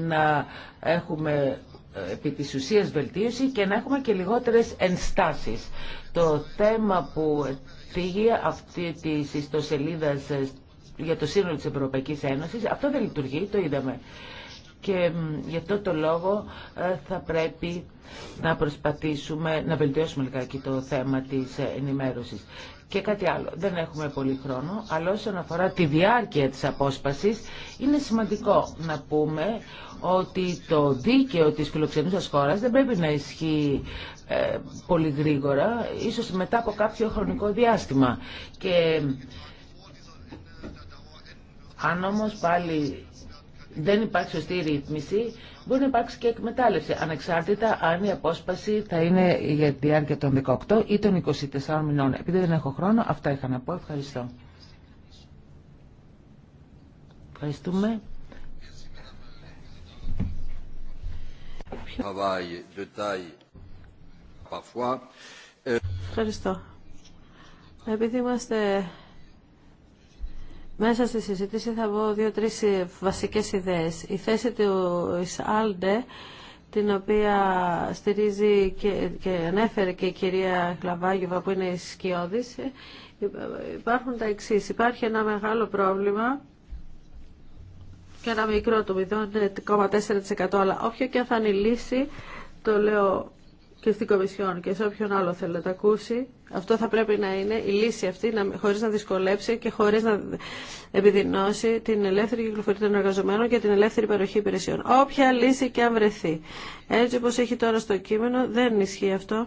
να έχουμε ε, επί της ουσίας βελτίωση και να έχουμε και λιγότερες ενστάσεις. Το θέμα που φύγει αυτή τη ιστοσελίδα για το σύνολο της Ευρωπαϊκής Ένωσης, αυτό δεν λειτουργεί, το είδαμε. Και γι' αυτό το λόγο ε, θα πρέπει να προσπαθήσουμε να βελτιώσουμε λιγάκι το θέμα της ε, ενημέρωσης. Και κάτι άλλο, δεν έχουμε πολύ χρόνο, αλλά όσον αφορά τη διάρκεια της απόσπασης, είναι σημαντικό να πούμε ότι το δίκαιο της φιλοξενούσας χώρας δεν πρέπει να ισχύει ε, πολύ γρήγορα, ίσως μετά από κάποιο χρονικό διάστημα. Και αν όμως πάλι δεν υπάρχει σωστή ρύθμιση, μπορεί να υπάρξει και εκμετάλλευση, ανεξάρτητα αν η απόσπαση θα είναι για τη διάρκεια των 18 ή των 24 μηνών. Επειδή δεν έχω χρόνο, αυτά είχα να πω. Ευχαριστώ. Ευχαριστούμε. Euh, Ευχαριστώ. Επειδή είμαστε μέσα στη συζήτηση θα πω δύο-τρεις βασικές ιδέες. Η θέση του Ισάλντε, την οποία στηρίζει και, και ανέφερε και η κυρία Χλαβάγιουβα που είναι η Σκιώδης, υπάρχουν τα εξής. Υπάρχει ένα μεγάλο πρόβλημα και ένα μικρό το 0,4% αλλά όποιο και θα είναι η λύση, το λέω και στην Κομισιόν και σε όποιον άλλο θέλει να τα ακούσει. Αυτό θα πρέπει να είναι η λύση αυτή, να, χωρίς να δυσκολέψει και χωρίς να επιδεινώσει την ελεύθερη κυκλοφορία των εργαζομένων και την ελεύθερη παροχή υπηρεσιών. Όποια λύση και αν βρεθεί. Έτσι όπως έχει τώρα στο κείμενο δεν ισχύει αυτό.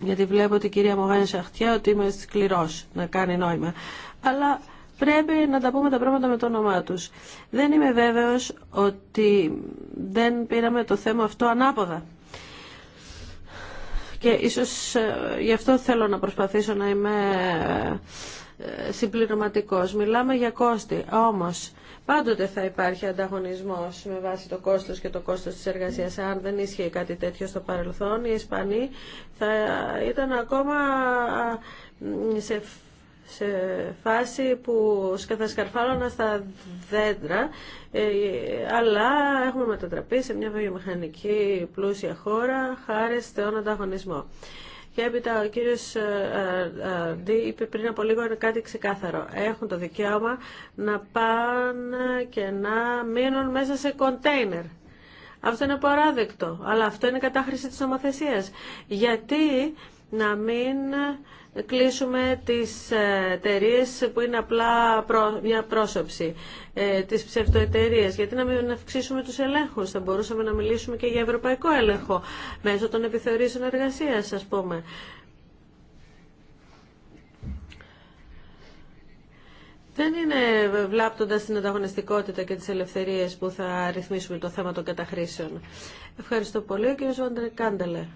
Γιατί βλέπω την κυρία Μογάνη Σαχτιά ότι είμαι σκληρό να κάνει νόημα. Αλλά πρέπει να τα πούμε τα πράγματα με το όνομά τους. Δεν είμαι βέβαιος ότι δεν πήραμε το θέμα αυτό ανάποδα. Και ίσως ε, γι' αυτό θέλω να προσπαθήσω να είμαι ε, ε, συμπληρωματικός. Μιλάμε για κόστη, όμως πάντοτε θα υπάρχει ανταγωνισμός με βάση το κόστος και το κόστος της εργασίας. Αν δεν ίσχυε κάτι τέτοιο στο παρελθόν, οι Ισπανοί θα ήταν ακόμα σε σε φάση που σκαρφάλωνα στα δέντρα, ε, αλλά έχουμε μετατραπεί σε μια βιομηχανική πλούσια χώρα χάρη στον ανταγωνισμό. Και έπειτα ο κύριος ε, ε, Αρντή είπε πριν από λίγο κάτι ξεκάθαρο. Έχουν το δικαίωμα να πάνε και να μείνουν μέσα σε κοντέινερ. Αυτό είναι παράδεκτο, αλλά αυτό είναι κατάχρηση της νομοθεσίας. Γιατί να μην κλείσουμε τις ε, εταιρείε που είναι απλά μια πρόσωψη, ε, τις ψευτοεταιρείες. Γιατί να μην αυξήσουμε τους ελέγχους, θα μπορούσαμε να μιλήσουμε και για ευρωπαϊκό έλεγχο μέσω των επιθεωρήσεων εργασίας ας πούμε. Δεν είναι βλάπτοντας την ανταγωνιστικότητα και τις ελευθερίες που θα ρυθμίσουμε το θέμα των καταχρήσεων. Ευχαριστώ πολύ, ο κ. Κάντελε.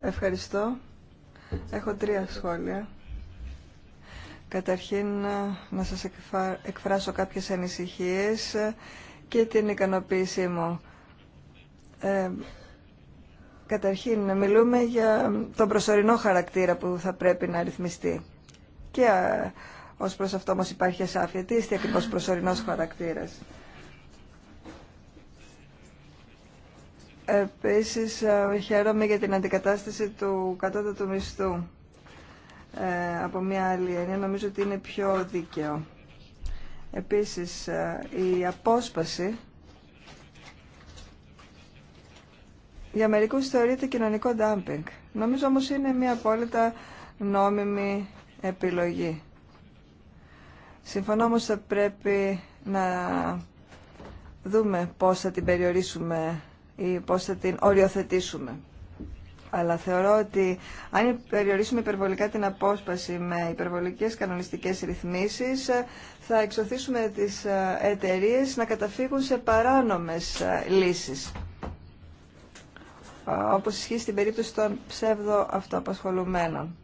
Ευχαριστώ. Έχω τρία σχόλια. Καταρχήν να σας εκφράσω κάποιες ανησυχίες και την ικανοποίησή μου. Ε, καταρχήν μιλούμε για τον προσωρινό χαρακτήρα που θα πρέπει να ρυθμιστεί. Και ε, ως προς αυτό όμως υπάρχει ασάφεια. Τι είστε ακριβώς προσωρινός χαρακτήρας. Επίσης, ε, χαίρομαι για την αντικατάσταση του κατώτατου μισθού ε, από μια άλλη έννοια. Νομίζω ότι είναι πιο δίκαιο. Επίσης, ε, η απόσπαση για μερικούς θεωρείται κοινωνικό ντάμπινγκ. Νομίζω όμως είναι μια απόλυτα νόμιμη επιλογή. Συμφωνώ όμως θα πρέπει να δούμε πώς θα την περιορίσουμε ή πώς θα την οριοθετήσουμε. Αλλά θεωρώ ότι αν περιορίσουμε υπερβολικά την απόσπαση με υπερβολικές κανονιστικές ρυθμίσεις, θα εξωθήσουμε τις ε, εταιρείε να καταφύγουν σε παράνομες ε, λύσεις. Όπως ισχύει στην περίπτωση των ψεύδο αυτοαπασχολουμένων.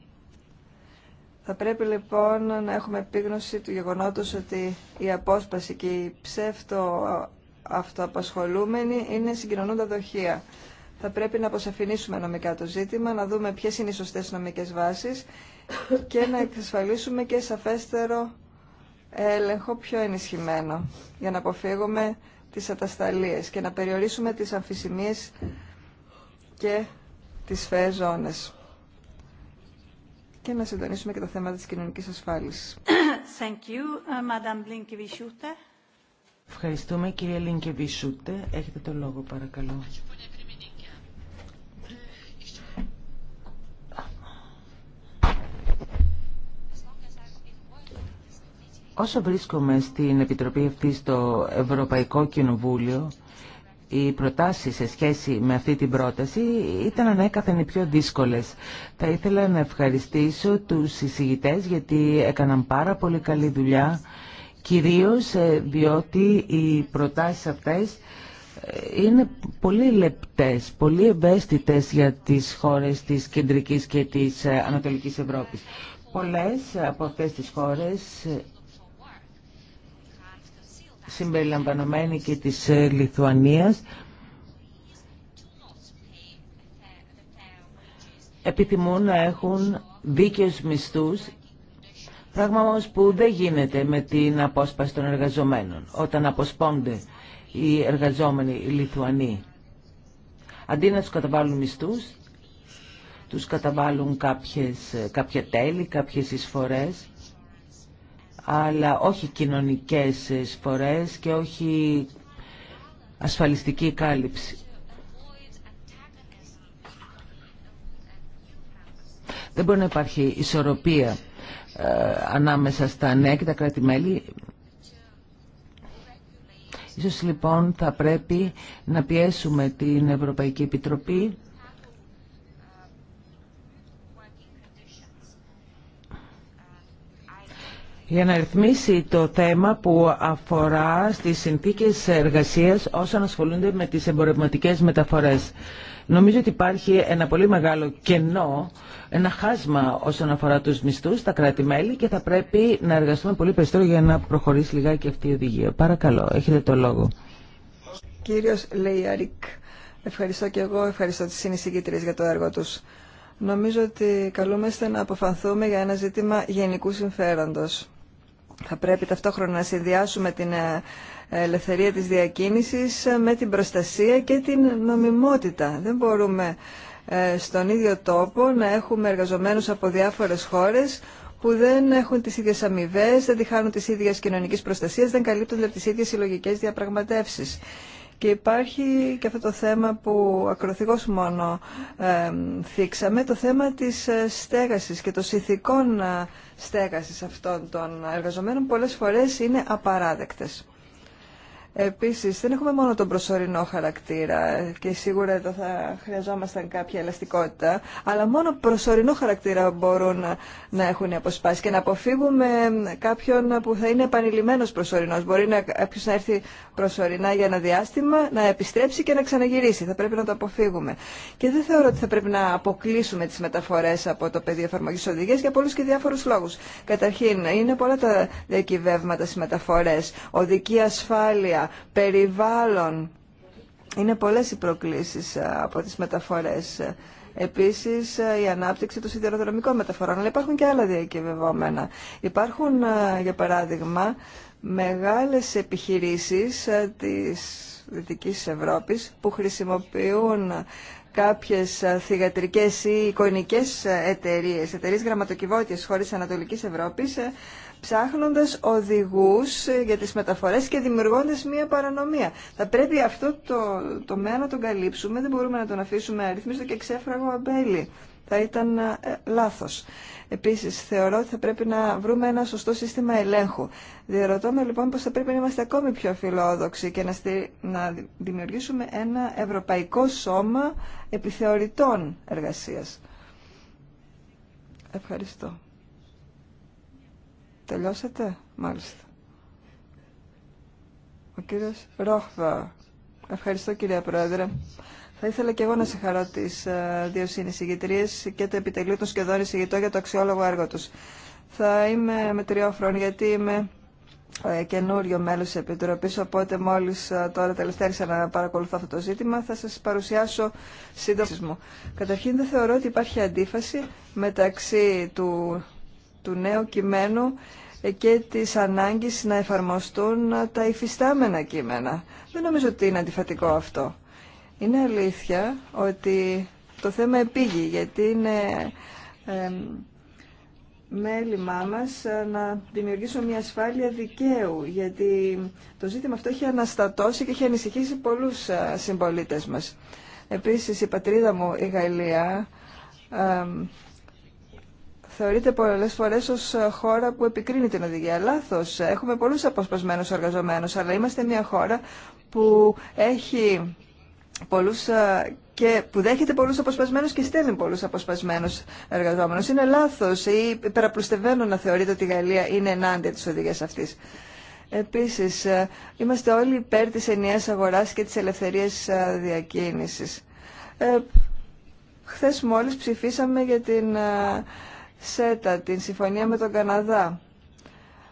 Θα πρέπει λοιπόν να έχουμε επίγνωση του γεγονότος ότι η απόσπαση και η ψεύτο αυτοαπασχολούμενοι είναι τα δοχεία. Θα πρέπει να αποσαφηνίσουμε νομικά το ζήτημα, να δούμε ποιε είναι οι σωστέ νομικέ βάσεις και να εξασφαλίσουμε και σαφέστερο έλεγχο πιο ενισχυμένο για να αποφύγουμε τις ατασταλίες και να περιορίσουμε τις αμφισημίες και τις φαίες ζώνες και να συντονίσουμε και το θέμα της κοινωνικής ασφάλισης. Thank you, Madam Ευχαριστούμε κυρία Λίνκεβισούτε. Έχετε το λόγο παρακαλώ. Όσο βρίσκομαι στην Επιτροπή αυτή στο Ευρωπαϊκό Κοινοβούλιο, οι προτάσεις σε σχέση με αυτή την πρόταση ήταν ανέκαθεν οι πιο δύσκολες. Θα ήθελα να ευχαριστήσω τους συζητητές γιατί έκαναν πάρα πολύ καλή δουλειά Κυρίως διότι οι προτάσεις αυτές ε, είναι πολύ λεπτές, πολύ ευαίσθητες για τις χώρες της Κεντρικής και της ε, Ανατολικής Ευρώπης. Πολλές από αυτές τις χώρες ε, συμπεριλαμβανομένη και της Λιθουανίας επιθυμούν να έχουν δίκαιους μισθούς Πράγμα όμω που δεν γίνεται με την απόσπαση των εργαζομένων, όταν αποσπώνται οι εργαζόμενοι οι Λιθουανοί. Αντί να τους καταβάλουν μισθούς, τους καταβάλουν κάποιες, κάποια τέλη, κάποιες εισφορέ, αλλά όχι κοινωνικές εισφορές και όχι ασφαλιστική κάλυψη. Δεν μπορεί να υπάρχει ισορροπία ε, ανάμεσα στα νέα και τα κράτη-μέλη. Ίσως λοιπόν θα πρέπει να πιέσουμε την Ευρωπαϊκή Επιτροπή για να ρυθμίσει το θέμα που αφορά στις συνθήκες εργασίας όσων ασχολούνται με τις εμπορευματικές μεταφορές. Νομίζω ότι υπάρχει ένα πολύ μεγάλο κενό, ένα χάσμα όσον αφορά τους μισθούς τα κράτη-μέλη και θα πρέπει να εργαστούμε πολύ περισσότερο για να προχωρήσει λιγάκι αυτή η οδηγία. Παρακαλώ, έχετε το λόγο. Κύριος Λεϊαρικ, ευχαριστώ και εγώ, ευχαριστώ τις συνεισηγήτριες για το έργο τους. Νομίζω ότι καλούμαστε να αποφανθούμε για ένα ζήτημα γενικού συμφέροντος. Θα πρέπει ταυτόχρονα να συνδυάσουμε την ε, ελευθερία της διακίνησης ε, με την προστασία και την νομιμότητα. Δεν μπορούμε ε, στον ίδιο τόπο να έχουμε εργαζομένους από διάφορες χώρες που δεν έχουν τις ίδιες αμοιβέ, δεν διχάνουν τις ίδιες κοινωνικές προστασίες, δεν καλύπτονται από τις ίδιες συλλογικέ διαπραγματεύσεις. Και υπάρχει και αυτό το θέμα που ακροθυγώς μόνο ε, θίξαμε, το θέμα της ε, στέγασης και των συνθηκών στέγασης αυτών των εργαζομένων πολλές φορές είναι απαράδεκτες. Επίσης, δεν έχουμε μόνο τον προσωρινό χαρακτήρα και σίγουρα εδώ θα χρειαζόμασταν κάποια ελαστικότητα, αλλά μόνο προσωρινό χαρακτήρα μπορούν να έχουν οι και να αποφύγουμε κάποιον που θα είναι επανειλημμένος προσωρινός. Μπορεί να, να έρθει προσωρινά για ένα διάστημα, να επιστρέψει και να ξαναγυρίσει. Θα πρέπει να το αποφύγουμε. Και δεν θεωρώ ότι θα πρέπει να αποκλείσουμε τις μεταφορές από το πεδίο εφαρμογής οδηγίας για πολλούς και διάφορους λόγους. Καταρχήν, είναι πολλά τα διακυβεύματα στις μεταφορές. Οδική ασφάλεια, περιβάλλον. Είναι πολλές οι προκλήσεις ε, από τις μεταφορές. Επίσης ε, η ανάπτυξη των σιδηροδρομικών μεταφορών, αλλά υπάρχουν και άλλα διακυβευόμενα. Υπάρχουν, ε, για παράδειγμα, μεγάλες επιχειρήσεις της Δυτικής Ευρώπης που χρησιμοποιούν κάποιες θηγατρικές ή εικονικές εταιρείες, εταιρείες γραμματοκιβώτιες χώρες Ανατολικής Ευρώπης ψάχνοντας οδηγούς ε, για τις μεταφορές και δημιουργώντας μία παρανομία. Θα πρέπει αυτό το τομέα να τον καλύψουμε, δεν μπορούμε να τον αφήσουμε αριθμίστο και ξέφραγο αμπέλι. Θα ήταν ε, λάθος. Επίσης, θεωρώ ότι θα πρέπει να βρούμε ένα σωστό σύστημα ελέγχου. Διερωτώ λοιπόν πως θα πρέπει να είμαστε ακόμη πιο φιλόδοξοι και να, στη, να δημιουργήσουμε ένα ευρωπαϊκό σώμα επιθεωρητών εργασίας. Ευχαριστώ. Τελειώσατε, μάλιστα. Ο κύριος Ρόχβα. Ευχαριστώ κυρία Πρόεδρε. Θα ήθελα και εγώ να συγχαρώ τι ε, δύο συνεισηγητρίε και το επιτελείο των σχεδόν εισηγητών για το αξιόλογο έργο του. Θα είμαι με τριόφρον, γιατί είμαι ε, καινούριο μέλο τη Επιτροπής, οπότε μόλι ε, τώρα τελευταία να παρακολουθώ αυτό το ζήτημα, θα σα παρουσιάσω σύντομα. Καταρχήν δεν θεωρώ ότι υπάρχει αντίφαση μεταξύ του του νέου κειμένου ε, και της ανάγκης να εφαρμοστούν ε, τα υφιστάμενα κείμενα. Δεν νομίζω ότι είναι αντιφατικό αυτό. Είναι αλήθεια ότι το θέμα επήγει, γιατί είναι ε, μέλημά μας ε, να δημιουργήσουμε μια ασφάλεια δικαίου, γιατί το ζήτημα αυτό έχει αναστατώσει και έχει ανησυχήσει πολλούς συμπολίτες μας. Επίσης, η πατρίδα μου, η Γαλλία, θεωρείται πολλέ φορέ ω ε, χώρα που επικρίνει την οδηγία. Λάθο. Έχουμε πολλού αποσπασμένου εργαζομένου, αλλά είμαστε μια χώρα που έχει πολλούς ε, και που δέχεται πολλούς αποσπασμένους και στέλνει πολλούς αποσπασμένους εργαζόμενους. Είναι λάθος ή υπεραπλουστευμένο να θεωρείται ότι η Γαλλία είναι ενάντια της οδηγίας αυτής. Επίσης, ε, είμαστε όλοι υπέρ της ενιαίας αγοράς και της ελευθερίας διακίνησης. Ε, μόλις ψηφίσαμε για την ΣΕΤΑ, την συμφωνία με τον Καναδά.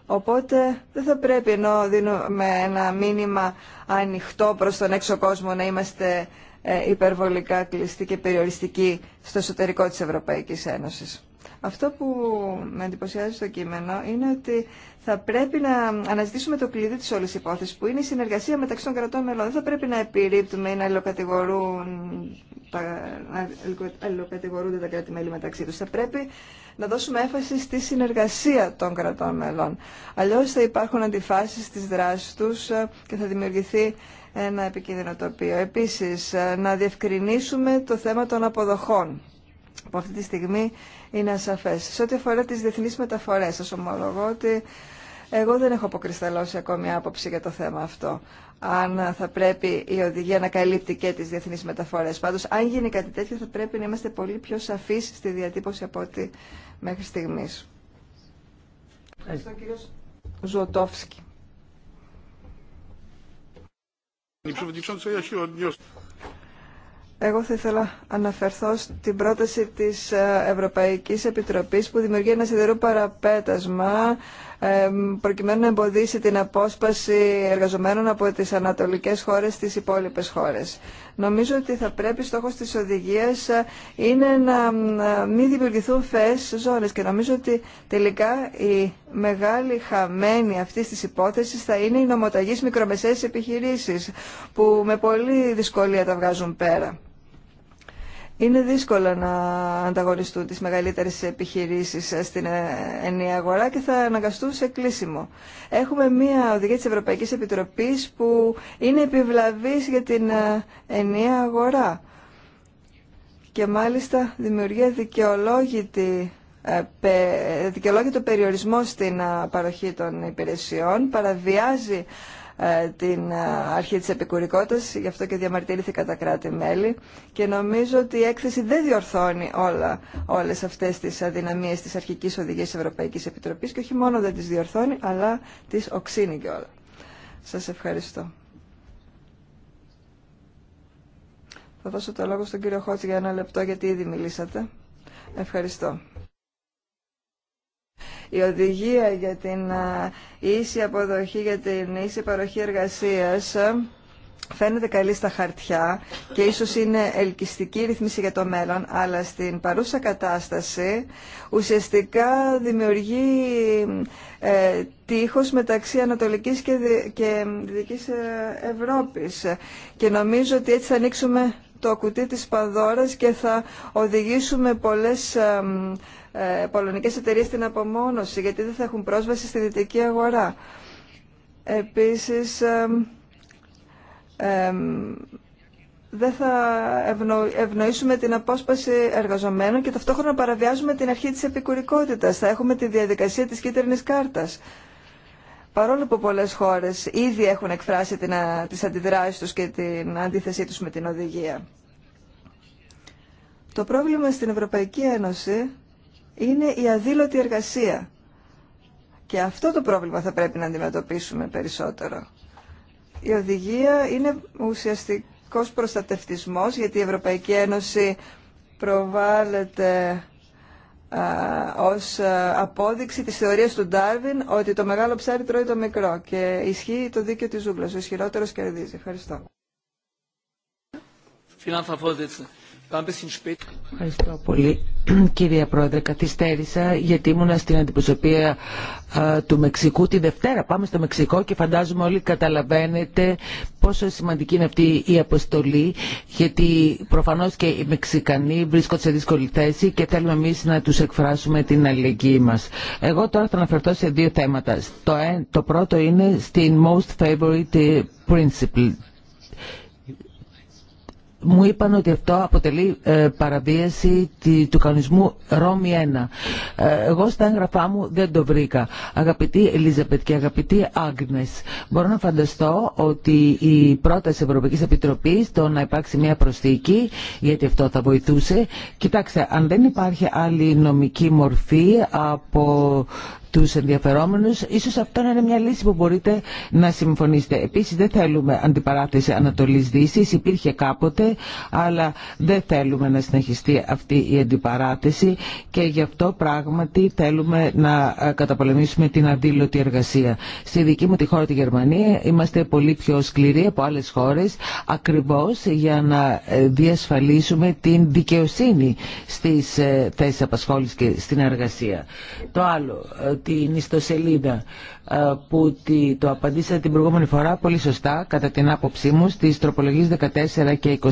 Οπότε δεν θα πρέπει ενώ δίνουμε ένα μήνυμα ανοιχτό προς τον έξω κόσμο να είμαστε ε, υπερβολικά κλειστοί και περιοριστικοί στο εσωτερικό της Ευρωπαϊκής Ένωσης. Αυτό που με εντυπωσιάζει στο κείμενο είναι ότι θα πρέπει να αναζητήσουμε το κλειδί της όλης υπόθεση που είναι η συνεργασία μεταξύ των κρατών μελών. Δεν θα πρέπει να επιρρύπτουμε ή να αλληλοκατηγορούνται τα κράτη-μέλη μεταξύ τους. Θα πρέπει να δώσουμε έφαση στη συνεργασία των κρατών μελών. Αλλιώ θα υπάρχουν αντιφάσει στις δράσει του ε, και θα δημιουργηθεί ένα επικίνδυνο τοπίο. Επίση, ε, να διευκρινίσουμε το θέμα των αποδοχών που αυτή τη στιγμή είναι ασαφές. Σε ό,τι αφορά τις διεθνείς μεταφορές, σας ομολογώ ότι εγώ δεν έχω αποκρισταλώσει ακόμη άποψη για το θέμα αυτό. Αν θα πρέπει η οδηγία να καλύπτει και τις διεθνείς μεταφορές. Πάντως, αν γίνει κάτι τέτοιο, θα πρέπει να είμαστε πολύ πιο σαφείς στη διατύπωση από ό,τι μέχρι στιγμής. Εγώ θα ήθελα αναφερθώ στην πρόταση της ε, Ευρωπαϊκής Επιτροπής που δημιουργεί ένα σιδερό παραπέτασμα προκειμένου να εμποδίσει την απόσπαση εργαζομένων από τις ανατολικές χώρες στις υπόλοιπες χώρες. Νομίζω ότι θα πρέπει στόχος της οδηγίας ε, είναι να ε, μην δημιουργηθούν φαιές ζώνες και νομίζω ότι τελικά η μεγάλη χαμένη αυτής της υπόθεσης θα είναι οι νομοταγείς μικρομεσαίες επιχειρήσεις που με πολύ δυσκολία τα βγάζουν πέρα είναι δύσκολο να ανταγωνιστούν τις μεγαλύτερες επιχειρήσεις στην ε, ενιαία αγορά και θα αναγκαστούν σε κλείσιμο. Έχουμε μία οδηγία της Ευρωπαϊκής Επιτροπής που είναι επιβλαβής για την ε, ενιαία αγορά και μάλιστα δημιουργεί δικαιολόγητη ε, δικαιολόγητο περιορισμό στην παροχή των υπηρεσιών, παραβιάζει ε, την ε, αρχή της επικουρικότητας, γι' αυτό και διαμαρτυρήθηκα τα κράτη-μέλη και νομίζω ότι η έκθεση δεν διορθώνει όλα, όλες αυτές τις αδυναμίες της αρχικής οδηγίας της Ευρωπαϊκής Επιτροπής και όχι μόνο δεν τις διορθώνει, αλλά τις οξύνει και όλα. Σας ευχαριστώ. Θα δώσω το λόγο στον κύριο Χότς για ένα λεπτό γιατί ήδη μιλήσατε. Ευχαριστώ. Η οδηγία για την ε, ίση αποδοχή, για την ίση παροχή εργασίας ε, φαίνεται καλή στα χαρτιά και ίσως είναι ελκυστική ρυθμίση για το μέλλον, αλλά στην παρούσα κατάσταση ουσιαστικά δημιουργεί ε, τείχος μεταξύ Ανατολικής και, δι, και ε, Δυτικής Ευρώπης. Και νομίζω ότι έτσι θα ανοίξουμε το κουτί της Πανδώρας και θα οδηγήσουμε πολλές ε, πολωνικές εταιρείες στην απομόνωση, γιατί δεν θα έχουν πρόσβαση στη δυτική αγορά. Επίσης, δεν θα ευνοήσουμε την απόσπαση εργαζομένων και ταυτόχρονα παραβιάζουμε την αρχή της επικουρικότητας. Θα έχουμε τη διαδικασία της κίτρινης κάρτας. Παρόλο που πολλές χώρες ήδη έχουν εκφράσει την, τις αντιδράσεις τους και την αντίθεσή τους με την οδηγία. Το πρόβλημα στην Ευρωπαϊκή Ένωση είναι η αδήλωτη εργασία. Και αυτό το πρόβλημα θα πρέπει να αντιμετωπίσουμε περισσότερο. Η οδηγία είναι ουσιαστικός προστατευτισμός γιατί η Ευρωπαϊκή Ένωση προβάλλεται α, ως απόδειξη της θεωρίας του Ντάρβιν ότι το μεγάλο ψάρι τρώει το μικρό και ισχύει το δίκαιο της ζούγκλας. Ο ισχυρότερος κερδίζει. Ευχαριστώ. Ευχαριστώ πολύ. Κύριε Πρόεδρε, καθυστέρησα γιατί ήμουνα στην αντιπροσωπεία του Μεξικού τη Δευτέρα. Πάμε στο Μεξικό και φαντάζομαι όλοι καταλαβαίνετε πόσο σημαντική είναι αυτή η αποστολή γιατί προφανώς και οι Μεξικανοί βρίσκονται σε δύσκολη θέση και θέλουμε εμείς να τους εκφράσουμε την αλληλεγγύη μας. Εγώ τώρα θα αναφερθώ σε δύο θέματα. Το, ε, το πρώτο είναι στην Most Favorite Principle, μου είπαν ότι αυτό αποτελεί ε, παραβίαση του κανονισμού Ρώμη 1. Ε, εγώ στα έγγραφά μου δεν το βρήκα. Αγαπητή Ελίζαπετ και αγαπητή Άγνες, μπορώ να φανταστώ ότι η πρόταση Ευρωπαϊκής Επιτροπής το να υπάρξει μια προσθήκη, γιατί αυτό θα βοηθούσε. Κοιτάξτε, αν δεν υπάρχει άλλη νομική μορφή από του ενδιαφερόμενου. Ίσως αυτό είναι μια λύση που μπορείτε να συμφωνήσετε. Επίση, δεν θέλουμε αντιπαράθεση ανατολή δύση. Υπήρχε κάποτε, αλλά δεν θέλουμε να συνεχιστεί αυτή η αντιπαράθεση και γι' αυτό πράγματι θέλουμε να ε, καταπολεμήσουμε την αδήλωτη εργασία. Στη δική μου τη χώρα τη Γερμανία είμαστε πολύ πιο σκληροί από άλλε χώρε. Ακριβώ για να ε, διασφαλίσουμε την δικαιοσύνη στι ε, θέσει απασχόληση και στην εργασία. Το άλλο, την ιστοσελίδα ε, που το απαντήσατε την προηγούμενη φορά πολύ σωστά κατά την άποψή μου στις τροπολογίες 14 και 21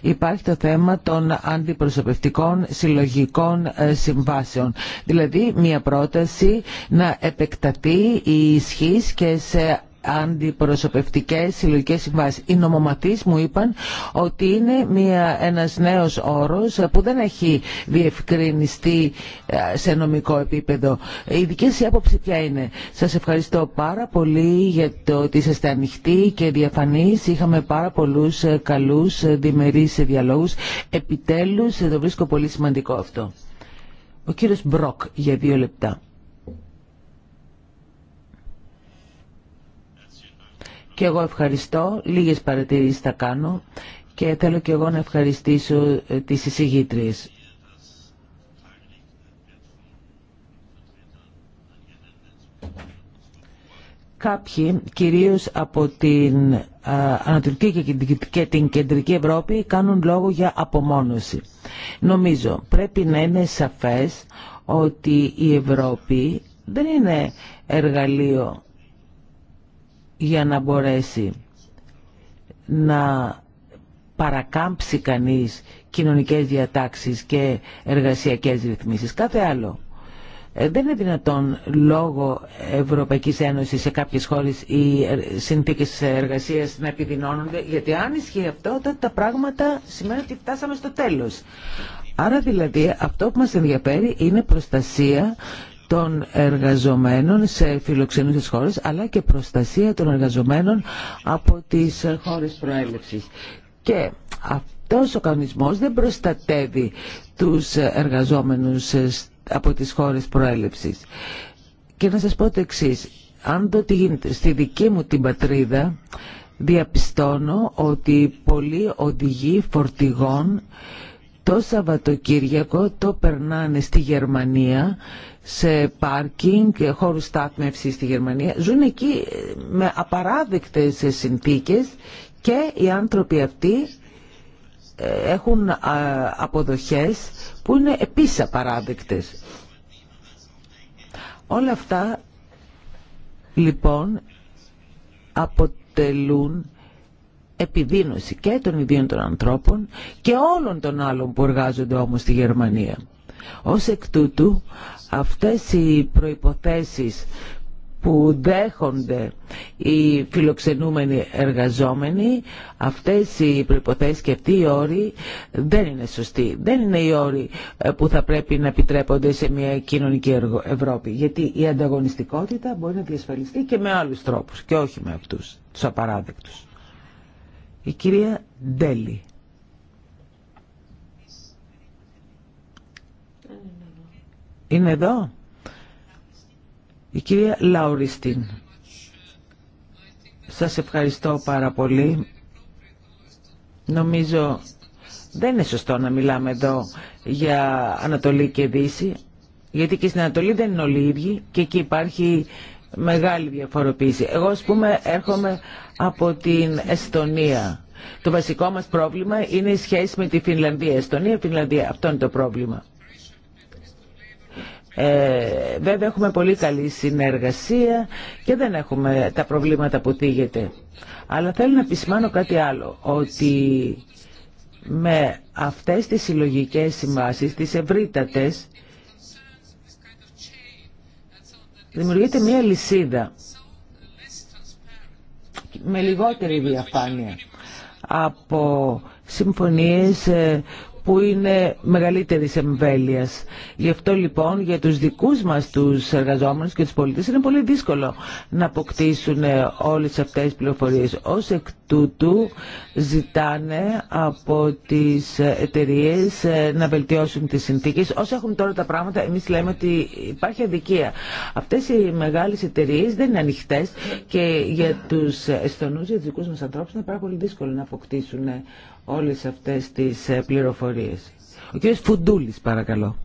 υπάρχει το θέμα των αντιπροσωπευτικών συλλογικών ε, συμβάσεων δηλαδή μια πρόταση να επεκτατεί η ισχύς και σε αντιπροσωπευτικές συλλογικέ συμβάσει. Οι νομοματείς μου είπαν ότι είναι μια, ένας νέος όρος που δεν έχει διευκρινιστεί ε, σε νομικό επίπεδο. Η δική σας άποψη ποια είναι. Σας ευχαριστώ πάρα πολύ για το ότι είσαστε ανοιχτοί και διαφανείς. Είχαμε πάρα πολλούς ε, καλούς ε, διμερείς διαλόγους. Επιτέλους, το βρίσκω πολύ σημαντικό αυτό. Ο κύριος Μπροκ για δύο λεπτά. Και εγώ ευχαριστώ. Λίγες παρατηρήσεις θα κάνω και θέλω και εγώ να ευχαριστήσω ε, τις εισηγήτριες. Κάποιοι, κυρίως από την Ανατολική και την Κεντρική Ευρώπη, κάνουν λόγο για απομόνωση. Νομίζω πρέπει να είναι σαφές ότι η Ευρώπη δεν είναι εργαλείο για να μπορέσει να παρακάμψει κανείς κοινωνικές διατάξεις και εργασιακές ρυθμίσεις. Κάθε άλλο. Ε, δεν είναι δυνατόν λόγω Ευρωπαϊκής Ένωσης σε κάποιες χώρες οι ε, συνθήκες εργασίας να επιδεινώνονται, γιατί αν ισχύει αυτό, τότε τα πράγματα σημαίνει ότι φτάσαμε στο τέλος. Άρα δηλαδή αυτό που μας ενδιαφέρει είναι προστασία των εργαζομένων σε φιλοξενούσες χώρες αλλά και προστασία των εργαζομένων από τις χώρες προέλευσης. Και αυτός ο κανονισμός δεν προστατεύει τους εργαζόμενους από τις χώρες προέλευσης. Και να σας πω το εξή. αν το τι γίνεται στη δική μου την πατρίδα διαπιστώνω ότι πολλοί οδηγοί φορτηγών το Σαββατοκύριακο το περνάνε στη Γερμανία σε πάρκινγκ και χώρους στάθμευσης στη Γερμανία. Ζουν εκεί ε, με απαράδεκτες συνθήκες και οι άνθρωποι αυτοί ε, έχουν ε, αποδοχές που είναι επίσης απαράδεκτες. Όλα αυτά λοιπόν αποτελούν επιδείνωση και των ιδίων των ανθρώπων και όλων των άλλων που εργάζονται όμως στη Γερμανία. Ως εκ τούτου, αυτές οι προϋποθέσεις που δέχονται οι φιλοξενούμενοι εργαζόμενοι, αυτές οι προϋποθέσεις και αυτοί οι όροι δεν είναι σωστοί. Δεν είναι οι όροι ε, που θα πρέπει να επιτρέπονται σε μια κοινωνική Ευρώπη. Γιατί η ανταγωνιστικότητα μπορεί να διασφαλιστεί και με άλλους τρόπους και όχι με αυτούς, τους απαράδεκτους. Η κυρία Ντέλη. Είναι εδώ. Η κυρία Λαουριστίν. Σας ευχαριστώ πάρα πολύ. Νομίζω δεν είναι σωστό να μιλάμε εδώ για Ανατολή και Δύση, γιατί και στην Ανατολή δεν είναι όλοι οι ίδιοι και εκεί υπάρχει μεγάλη διαφοροποίηση. Εγώ, ας πούμε, έρχομαι από την Εστονία. Το βασικό μας πρόβλημα είναι η σχέση με τη Φινλανδία. Εστονία, Φινλανδία, αυτό είναι το πρόβλημα. Ε, βέβαια έχουμε πολύ καλή συνεργασία και δεν έχουμε τα προβλήματα που τίγεται. Αλλά θέλω να επισημάνω κάτι άλλο, ότι με αυτές τις συλλογικέ συμβάσεις, τις ευρύτατες, δημιουργείται μια λυσίδα με λιγότερη διαφάνεια από συμφωνίες ε, που είναι μεγαλύτερης εμβέλειας. Γι' αυτό λοιπόν για τους δικούς μας τους εργαζόμενους και τους πολίτες είναι πολύ δύσκολο να αποκτήσουν ε, όλες αυτές τις πληροφορίες. Ως εκ τούτου ζητάνε από τις εταιρείε ε, να βελτιώσουν τις συνθήκες. Όσοι έχουν τώρα τα πράγματα εμείς λέμε ότι υπάρχει αδικία. Αυτές οι μεγάλες εταιρείε δεν είναι ανοιχτέ και για τους εστονούς, για τους δικούς μας ανθρώπους είναι πάρα πολύ δύσκολο να αποκτήσουν ε, όλες αυτές τις ε, πληροφορίες. Ο κ. Φουντούλης, παρακαλώ.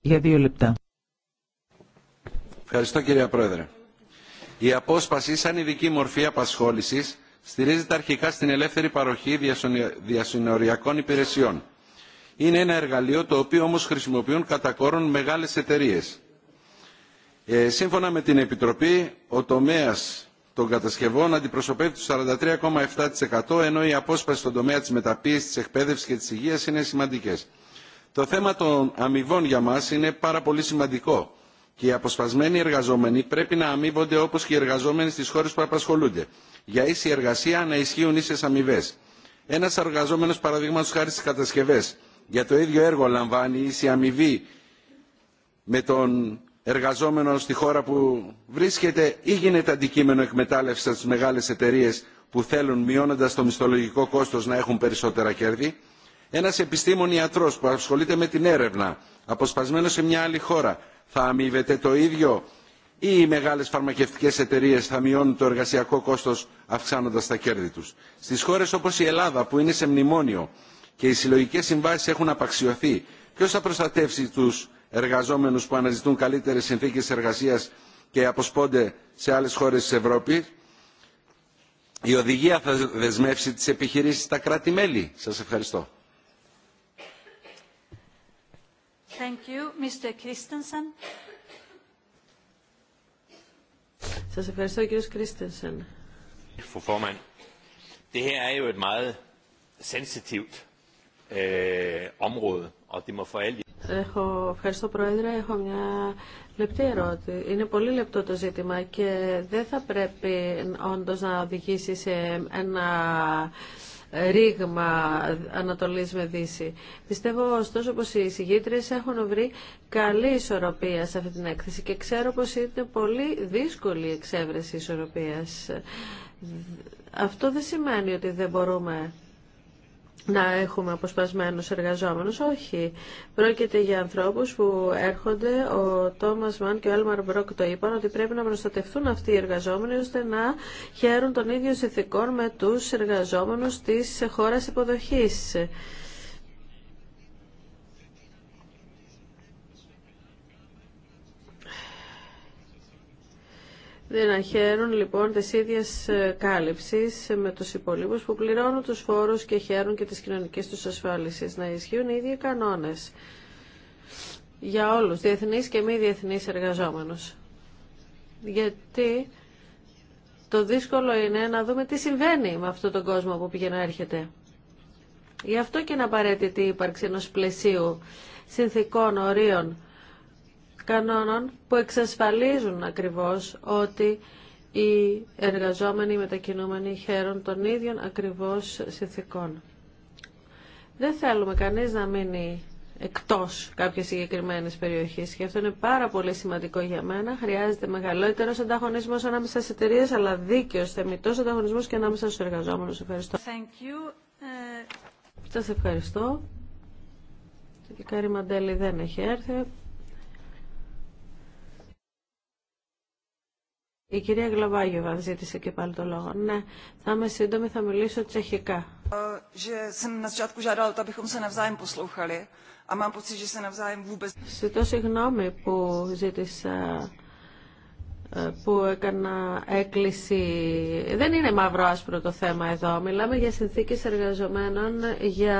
Για δύο λεπτά. Ευχαριστώ κυρία Πρόεδρε. Η απόσπαση σαν ειδική μορφή απασχόλησης στηρίζεται αρχικά στην ελεύθερη παροχή διασυνοριακών υπηρεσιών. Είναι ένα εργαλείο το οποίο όμως χρησιμοποιούν κατά κόρον μεγάλες εταιρείες. Ε, σύμφωνα με την Επιτροπή, ο τομέας των κατασκευών αντιπροσωπεύει το 43,7% ενώ η απόσπαση στον τομέα της μεταποίησης, της εκπαίδευσης και της υγείας είναι σημαντικές. Το θέμα των αμοιβών για μας είναι πάρα πολύ σημαντικό και οι αποσπασμένοι εργαζόμενοι πρέπει να αμείβονται όπως και οι εργαζόμενοι στις χώρες που απασχολούνται. Για ίση εργασία να ισχύουν ίσες αμοιβές. Ένας εργαζόμενος παραδείγματος χάρη στις κατασκευές για το ίδιο έργο λαμβάνει ίση αμοιβή με τον εργαζόμενο στη χώρα που βρίσκεται ή γίνεται αντικείμενο εκμετάλλευσης από μεγάλες εταιρείες που θέλουν μειώνοντας το μισθολογικό κόστος να έχουν περισσότερα κέρδη. Ένας επιστήμον ιατρός που ασχολείται με την έρευνα, αποσπασμένος σε μια άλλη χώρα, θα αμείβεται το ίδιο ή οι μεγάλες φαρμακευτικές εταιρείες θα μειώνουν το εργασιακό κόστος αυξάνοντας τα κέρδη τους. Στις χώρες όπως η Ελλάδα που είναι σε μνημόνιο και οι συλλογικές συμβάσεις έχουν απαξιωθεί, ποιος θα προστατεύσει τους εργαζόμενους που αναζητούν καλύτερες συνθήκες εργασίας και αποσπώνται σε άλλες χώρες της Ευρώπης. Η οδηγία θα δεσμεύσει τις επιχειρήσεις στα κράτη-μέλη. Σας ευχαριστώ. Thank you. Mr. Christensen. Σας ευχαριστώ, κύριος Κρίστενσεν. Φου Φόρμαν, det her er jo et meget sensitivt øh, område, og det må Έχω, ευχαριστώ Πρόεδρε. Έχω μια λεπτή ερώτηση. Είναι πολύ λεπτό το ζήτημα και δεν θα πρέπει όντως να οδηγήσει σε ένα ρήγμα Ανατολής με Δύση. Πιστεύω ωστόσο πως οι συγγήτρες έχουν βρει καλή ισορροπία σε αυτή την έκθεση και ξέρω πως είναι πολύ δύσκολη η εξέβρεση ισορροπίας. Αυτό δεν σημαίνει ότι δεν μπορούμε να έχουμε αποσπασμένους εργαζόμενους. Όχι. Πρόκειται για ανθρώπους που έρχονται. Ο Τόμας Μαν και ο Έλμαρ Μπρόκ το είπαν ότι πρέπει να προστατευτούν αυτοί οι εργαζόμενοι ώστε να χαίρουν τον ίδιο συνθηκών με τους εργαζόμενους της χώρας υποδοχής. δεν χαίρουν λοιπόν τις ίδιες ε, κάλυψεις με τους υπολείπους που πληρώνουν τους φόρους και χαίρουν και τις κοινωνικές τους ασφάλισεις Να ισχύουν οι ίδιοι κανόνες για όλους, διεθνείς και μη διεθνείς εργαζόμενους. Γιατί το δύσκολο είναι να δούμε τι συμβαίνει με αυτόν τον κόσμο που πηγαίνει να έρχεται. Γι' αυτό και είναι απαραίτητη η ύπαρξη ενός πλαισίου συνθηκών, ορίων, κανόνων που εξασφαλίζουν ακριβώς ότι οι εργαζόμενοι, οι μετακινούμενοι χαίρουν των ίδιων ακριβώς συνθηκών. Δεν θέλουμε κανείς να μείνει εκτός κάποιες συγκεκριμένες περιοχές και αυτό είναι πάρα πολύ σημαντικό για μένα. Χρειάζεται μεγαλύτερος ανταγωνισμός ανάμεσα στις εταιρείε, αλλά δίκαιος, θεμητός ανταγωνισμός και ανάμεσα στους εργαζόμενους. Ευχαριστώ. Thank ε, ευχαριστώ. Η Κάρη Μαντέλη δεν έχει έρθει. Η κυρία Γλαβάγεβα ζήτησε και πάλι το λόγο. Ναι, θα είμαι σύντομη, θα μιλήσω τσεχικά. Ε, Ζητώ συγγνώμη που ζήτησα που έκανα έκκληση. Δεν είναι μαύρο-άσπρο το θέμα εδώ. Μιλάμε για συνθήκες εργαζομένων, για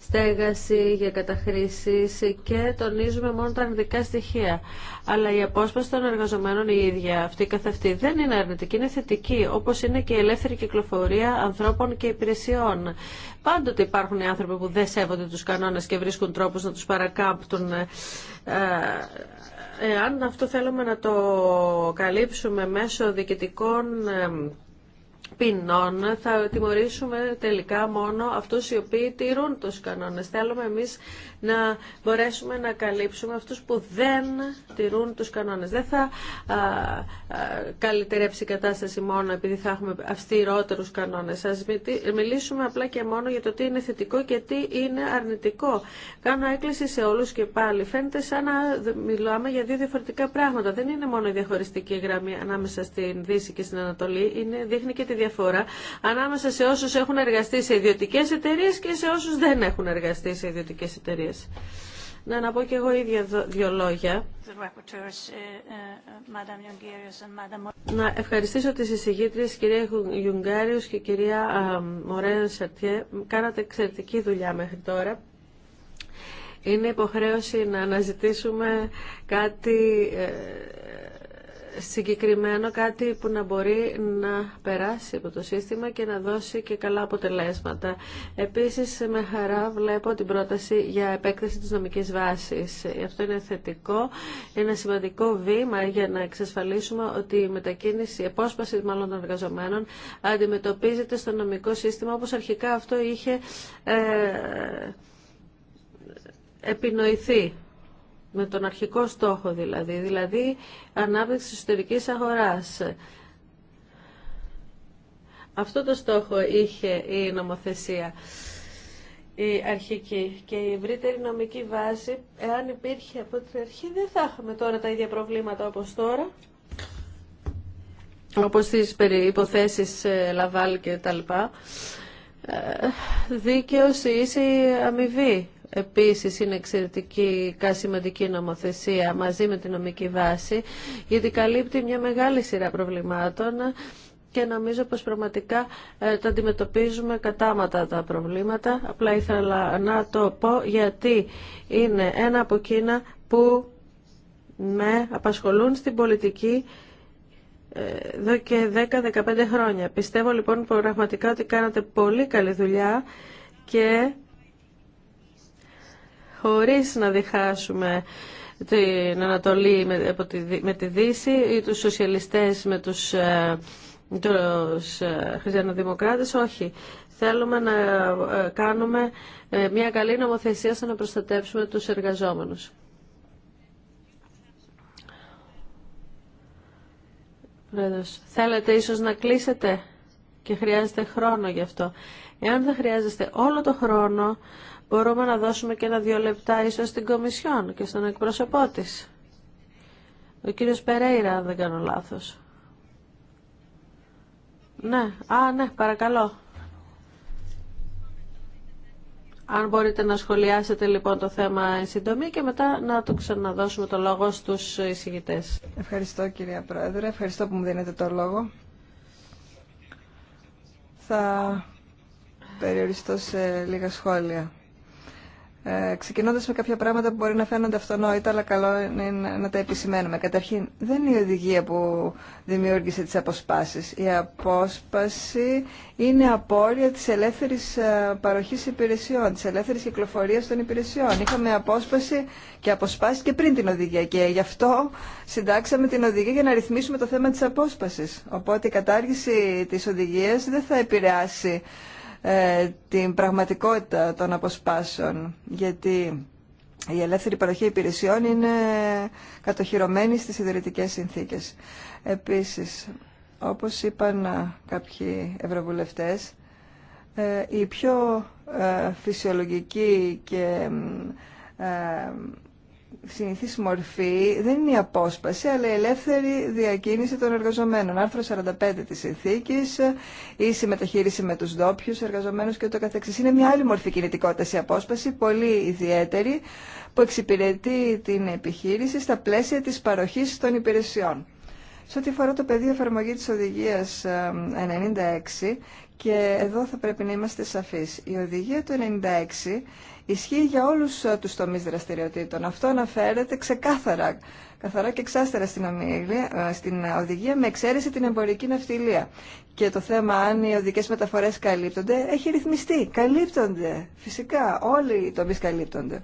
στέγαση, για καταχρήσεις και τονίζουμε μόνο τα αρνητικά στοιχεία. Αλλά η απόσπαση των εργαζομένων η ίδια, αυτή καθ' αυτή, δεν είναι αρνητική, είναι θετική, όπως είναι και η ελεύθερη κυκλοφορία ανθρώπων και υπηρεσιών. Πάντοτε υπάρχουν άνθρωποι που δεν σέβονται τους κανόνες και βρίσκουν τρόπους να τους παρακάμπτουν ε, αν αυτό θέλουμε να το καλύψουμε μέσω διοικητικών ποινών θα τιμωρήσουμε τελικά μόνο αυτούς οι οποίοι τηρούν τους κανόνες. Θέλουμε εμείς να μπορέσουμε να καλύψουμε αυτούς που δεν τηρούν τους κανόνες. Δεν θα α, α, καλυτερέψει η κατάσταση μόνο επειδή θα έχουμε αυστηρότερους κανόνες. Ας μιλήσουμε απλά και μόνο για το τι είναι θετικό και τι είναι αρνητικό. Κάνω έκκληση σε όλους και πάλι. Φαίνεται σαν να μιλάμε για δύο διαφορετικά πράγματα. Δεν είναι μόνο η διαχωριστική γραμμή ανάμεσα στην Δύση και στην Ανατολή. Είναι, δείχνει και τη διαφορά ανάμεσα σε όσους έχουν εργαστεί σε ιδιωτικές εταιρείες και σε όσους δεν έχουν εργαστεί σε ιδιωτικές εταιρείε. Ναι, να πω και εγώ ίδια δύο λόγια. Ε, ε, να ευχαριστήσω τις εισηγήτριες, κυρία Γιουγκάριους και κυρία Μωρέν Σαρτιέ. Κάνατε εξαιρετική δουλειά μέχρι τώρα. Είναι υποχρέωση να αναζητήσουμε κάτι ε, συγκεκριμένο κάτι που να μπορεί να περάσει από το σύστημα και να δώσει και καλά αποτελέσματα. Επίσης με χαρά βλέπω την πρόταση για επέκταση της νομικής βάσης. Αυτό είναι θετικό, ένα σημαντικό βήμα για να εξασφαλίσουμε ότι η μετακίνηση, η επόσπαση μάλλον των εργαζομένων αντιμετωπίζεται στο νομικό σύστημα όπως αρχικά αυτό είχε ε, επινοηθεί με τον αρχικό στόχο δηλαδή, δηλαδή ανάπτυξη εσωτερική αγοράς. Αυτό το στόχο είχε η νομοθεσία η αρχική και η ευρύτερη νομική βάση, εάν υπήρχε από την αρχή, δεν θα έχουμε τώρα τα ίδια προβλήματα όπως τώρα, όπως τις υποθέσεις ε, Λαβάλ και τα λοιπά. Ε, δίκαιος ή αμοιβή επίσης είναι εξαιρετική σημαντική νομοθεσία μαζί με την νομική βάση, γιατί καλύπτει μια μεγάλη σειρά προβλημάτων και νομίζω πως πραγματικά ε, τα αντιμετωπίζουμε κατάματα τα προβλήματα. Απλά ήθελα να το πω γιατί είναι ένα από εκείνα που με απασχολούν στην πολιτική ε, εδώ και 10-15 χρόνια. Πιστεύω λοιπόν πραγματικά ότι κάνατε πολύ καλή δουλειά και χωρίς να διχάσουμε την Ανατολή με τη Δύση ή τους σοσιαλιστές με τους, ε, τους ε, χριστιανοδημοκράτες. Όχι. Θέλουμε να ε, κάνουμε μια καλή νομοθεσία στο να προστατεύσουμε τους εργαζόμενους. θέλετε ίσως να κλείσετε και χρειάζεται χρόνο γι' αυτό. Εάν δεν χρειάζεστε όλο το χρόνο μπορούμε να δώσουμε και ένα-δύο λεπτά ίσως στην Κομισιόν και στον εκπρόσωπό τη. Ο κύριος Περέιρα, αν δεν κάνω λάθος. Ναι, α, ναι, παρακαλώ. Αν μπορείτε να σχολιάσετε λοιπόν το θέμα εν συντομή και μετά να το ξαναδώσουμε το λόγο στους εισηγητές. Ευχαριστώ κυρία Πρόεδρε, ευχαριστώ που μου δίνετε το λόγο. Θα περιοριστώ σε λίγα σχόλια ε, ξεκινώντας με κάποια πράγματα που μπορεί να φαίνονται αυτονόητα, αλλά καλό είναι να τα επισημαίνουμε. Καταρχήν, δεν είναι η οδηγία που δημιούργησε τις αποσπάσεις. Η απόσπαση είναι απόρρια της ελεύθερης ε, παροχής υπηρεσιών, της ελεύθερης κυκλοφορίας των υπηρεσιών. Είχαμε απόσπαση και αποσπάσεις και πριν την οδηγία και γι' αυτό συντάξαμε την οδηγία για να ρυθμίσουμε το θέμα της απόσπασης. Οπότε η κατάργηση της οδηγίας δεν θα επηρεάσει ε, την πραγματικότητα των αποσπάσεων, γιατί η ελεύθερη παροχή υπηρεσιών είναι κατοχυρωμένη στις ιδρυτικές συνθήκες. Επίσης, όπως είπαν κάποιοι ευρωβουλευτές, ε, η πιο ε, φυσιολογική και συνηθής μορφή δεν είναι η απόσπαση, αλλά η ελεύθερη διακίνηση των εργαζομένων. Άρθρο 45 της συνθήκης, η συμμεταχείριση με τους ντόπιου εργαζομένους και το καθεξής. Είναι μια άλλη μορφή κινητικότητας η απόσπαση, πολύ ιδιαίτερη, που εξυπηρετεί την επιχείρηση στα πλαίσια της παροχής των υπηρεσιών. Σε ό,τι αφορά το πεδίο εφαρμογή της οδηγίας 96, ε, και εδώ θα πρέπει να είμαστε σαφείς, η οδηγία του 96 ισχύει για όλου ε, του τομεί δραστηριοτήτων. Αυτό αναφέρεται ξεκάθαρα, καθαρά και εξάστερα στην, ομιλία, ε, στην οδηγία με εξαίρεση την εμπορική ναυτιλία. Και το θέμα αν οι οδικέ μεταφορέ καλύπτονται έχει ρυθμιστεί. Καλύπτονται. Φυσικά όλοι οι τομεί καλύπτονται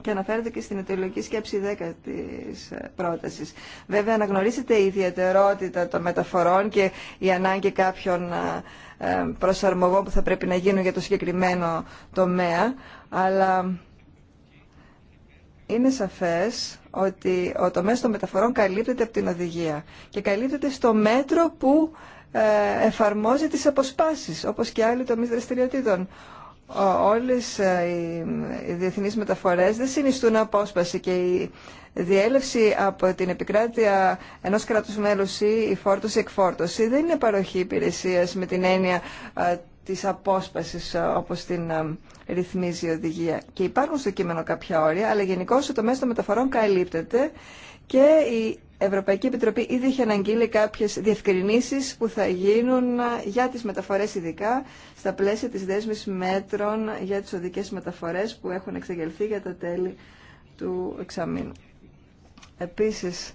και αναφέρεται και στην εταιρική σκέψη 10 τη ε, πρόταση. Βέβαια αναγνωρίζεται η ιδιαιτερότητα των μεταφορών και η ανάγκη κάποιων προσαρμογών που θα πρέπει να γίνουν για το συγκεκριμένο τομέα, αλλά είναι σαφές ότι ο τομέας των μεταφορών καλύπτεται από την οδηγία και καλύπτεται στο μέτρο που ε, εφαρμόζει τις αποσπάσεις, όπως και άλλοι τομείς δραστηριοτήτων. Όλες ε, οι διεθνείς μεταφορές δεν συνιστούν απόσπαση και η διέλευση από την επικράτεια ενός κράτους μέλους ή η φόρτωση-εκφόρτωση δεν είναι παροχή υπηρεσίας με την έννοια ε, της απόσπασης ε, όπως την ε, ρυθμίζει η οδηγία. Και υπάρχουν στο κείμενο κάποια όρια, αλλά γενικώ το τομέας των μεταφορών καλύπτεται και η Ευρωπαϊκή Επιτροπή ήδη είχε αναγγείλει κάποιες διευκρινήσεις που θα γίνουν ε, για τις μεταφορές ειδικά στα πλαίσια της δέσμης μέτρων για τις οδικές μεταφορές που έχουν εξαγγελθεί για τα τέλη του εξαμήνου. Επίσης,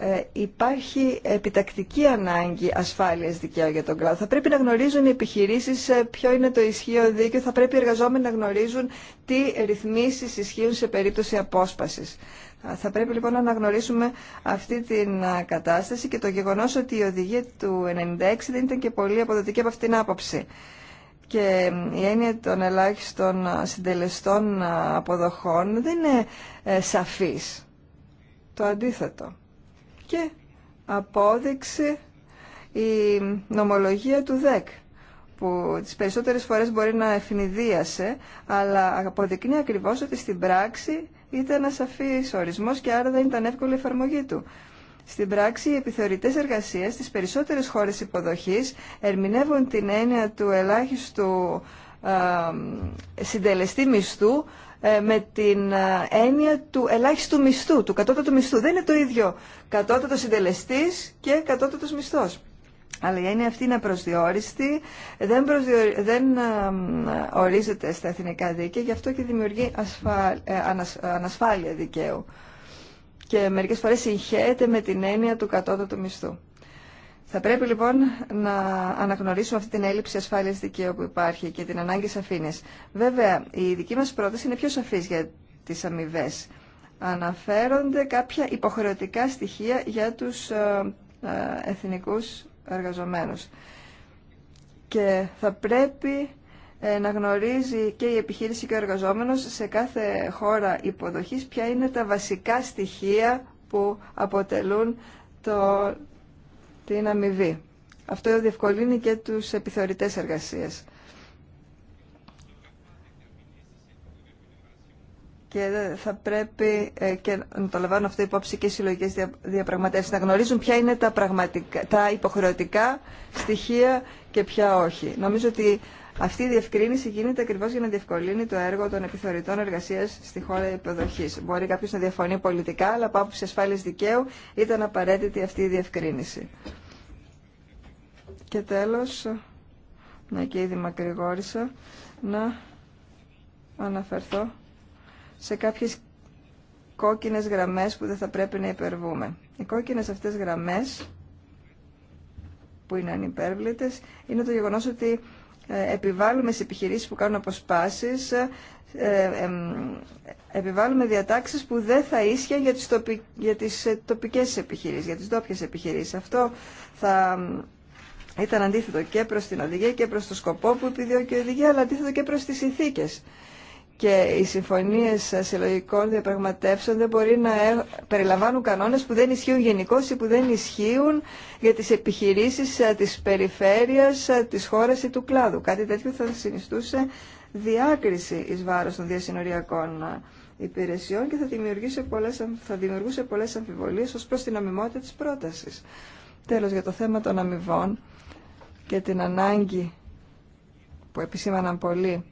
ε, υπάρχει επιτακτική ανάγκη ασφάλειας δικαίου για τον κλάδο. Θα πρέπει να γνωρίζουν οι επιχειρήσεις ε, ποιο είναι το ισχύο δίκαιο, θα πρέπει οι εργαζόμενοι να γνωρίζουν τι ρυθμίσεις ισχύουν σε περίπτωση απόσπασης. Θα πρέπει λοιπόν να αναγνωρίσουμε αυτή την κατάσταση και το γεγονός ότι η οδηγία του 1996 δεν ήταν και πολύ αποδοτική από αυτήν την άποψη. Και η έννοια των ελάχιστων συντελεστών αποδοχών δεν είναι ε, σαφής. Το αντίθετο και απόδειξε η νομολογία του ΔΕΚ που τις περισσότερες φορές μπορεί να ευνηδίασε, αλλά αποδεικνύει ακριβώς ότι στην πράξη ήταν ασαφής ορισμός και άρα δεν ήταν εύκολη η εφαρμογή του. Στην πράξη, οι επιθεωρητές εργασίες στις περισσότερες χώρες υποδοχής ερμηνεύουν την έννοια του ελάχιστου συντελεστή μισθού ε, με την ε, έννοια του ελάχιστου μισθού, του κατώτατου μισθού. Δεν είναι το ίδιο κατώτατο συντελεστή και κατώτατο μισθό. Αλλά η έννοια αυτή είναι προσδιοριστή, δεν, προσδιορι... δεν ε, ορίζεται στα εθνικά δίκαια, γι' αυτό και δημιουργεί ανασφάλεια δικαίου. Και μερικές φορές συγχαίεται με την έννοια του κατώτατου μισθού. Θα πρέπει λοιπόν να αναγνωρίσουμε αυτή την έλλειψη ασφάλεια δικαίου που υπάρχει και την ανάγκη σαφήνεια. Βέβαια, η δική μα πρόταση είναι πιο σαφή για τι αμοιβέ. Αναφέρονται κάποια υποχρεωτικά στοιχεία για του ε, ε, εθνικού εργαζομένου. Και θα πρέπει ε, να γνωρίζει και η επιχείρηση και ο εργαζόμενος σε κάθε χώρα υποδοχής ποια είναι τα βασικά στοιχεία που αποτελούν το, την αμοιβή. Αυτό διευκολύνει και τους επιθεωρητές εργασίας. Και θα πρέπει ε, και να το λαμβάνω αυτό υπόψη και οι συλλογικέ διαπραγματεύσει. Να γνωρίζουν ποια είναι τα, πραγματικά, τα υποχρεωτικά στοιχεία και ποια όχι. Νομίζω ότι αυτή η διευκρίνηση γίνεται ακριβώ για να διευκολύνει το έργο των επιθεωρητών εργασία στη χώρα υποδοχή. Μπορεί κάποιο να διαφωνεί πολιτικά, αλλά από άποψη ασφάλεια δικαίου ήταν απαραίτητη αυτή η διευκρίνηση. Και τέλο, να και ήδη μακρηγόρησα, να αναφερθώ σε κάποιε κόκκινες γραμμές που δεν θα πρέπει να υπερβούμε. Οι κόκκινες αυτές γραμμές που είναι ανυπέρβλητες είναι το γεγονός ότι επιβάλλουμε σε επιχειρήσεις που κάνουν αποσπάσεις, ε, επιβάλλουμε διατάξεις που δεν θα ίσχυαν για τις, τοπι... για τις ε, τοπικές επιχειρήσεις, για τις ντόπιε επιχειρήσεις. Αυτό θα ήταν αντίθετο και προς την οδηγία και προς το σκοπό που επιδιώκει η οδηγία, αλλά αντίθετο και προς τις συνθήκες και οι συμφωνίε συλλογικών διαπραγματεύσεων δεν μπορεί να ε, περιλαμβάνουν κανόνε που δεν ισχύουν γενικώ ή που δεν ισχύουν για τι επιχειρήσει ε, τη περιφέρεια, ε, τη χώρα ή του κλάδου. Κάτι τέτοιο θα συνιστούσε διάκριση ει βάρο των διασυνοριακών υπηρεσιών και θα δημιουργούσε πολλές, θα δημιουργούσε πολλές αμφιβολίες ως προς την αμοιμότητα τη πρόταση. Τέλο για το θέμα των αμοιβών και την ανάγκη που επισήμαναν πολλοί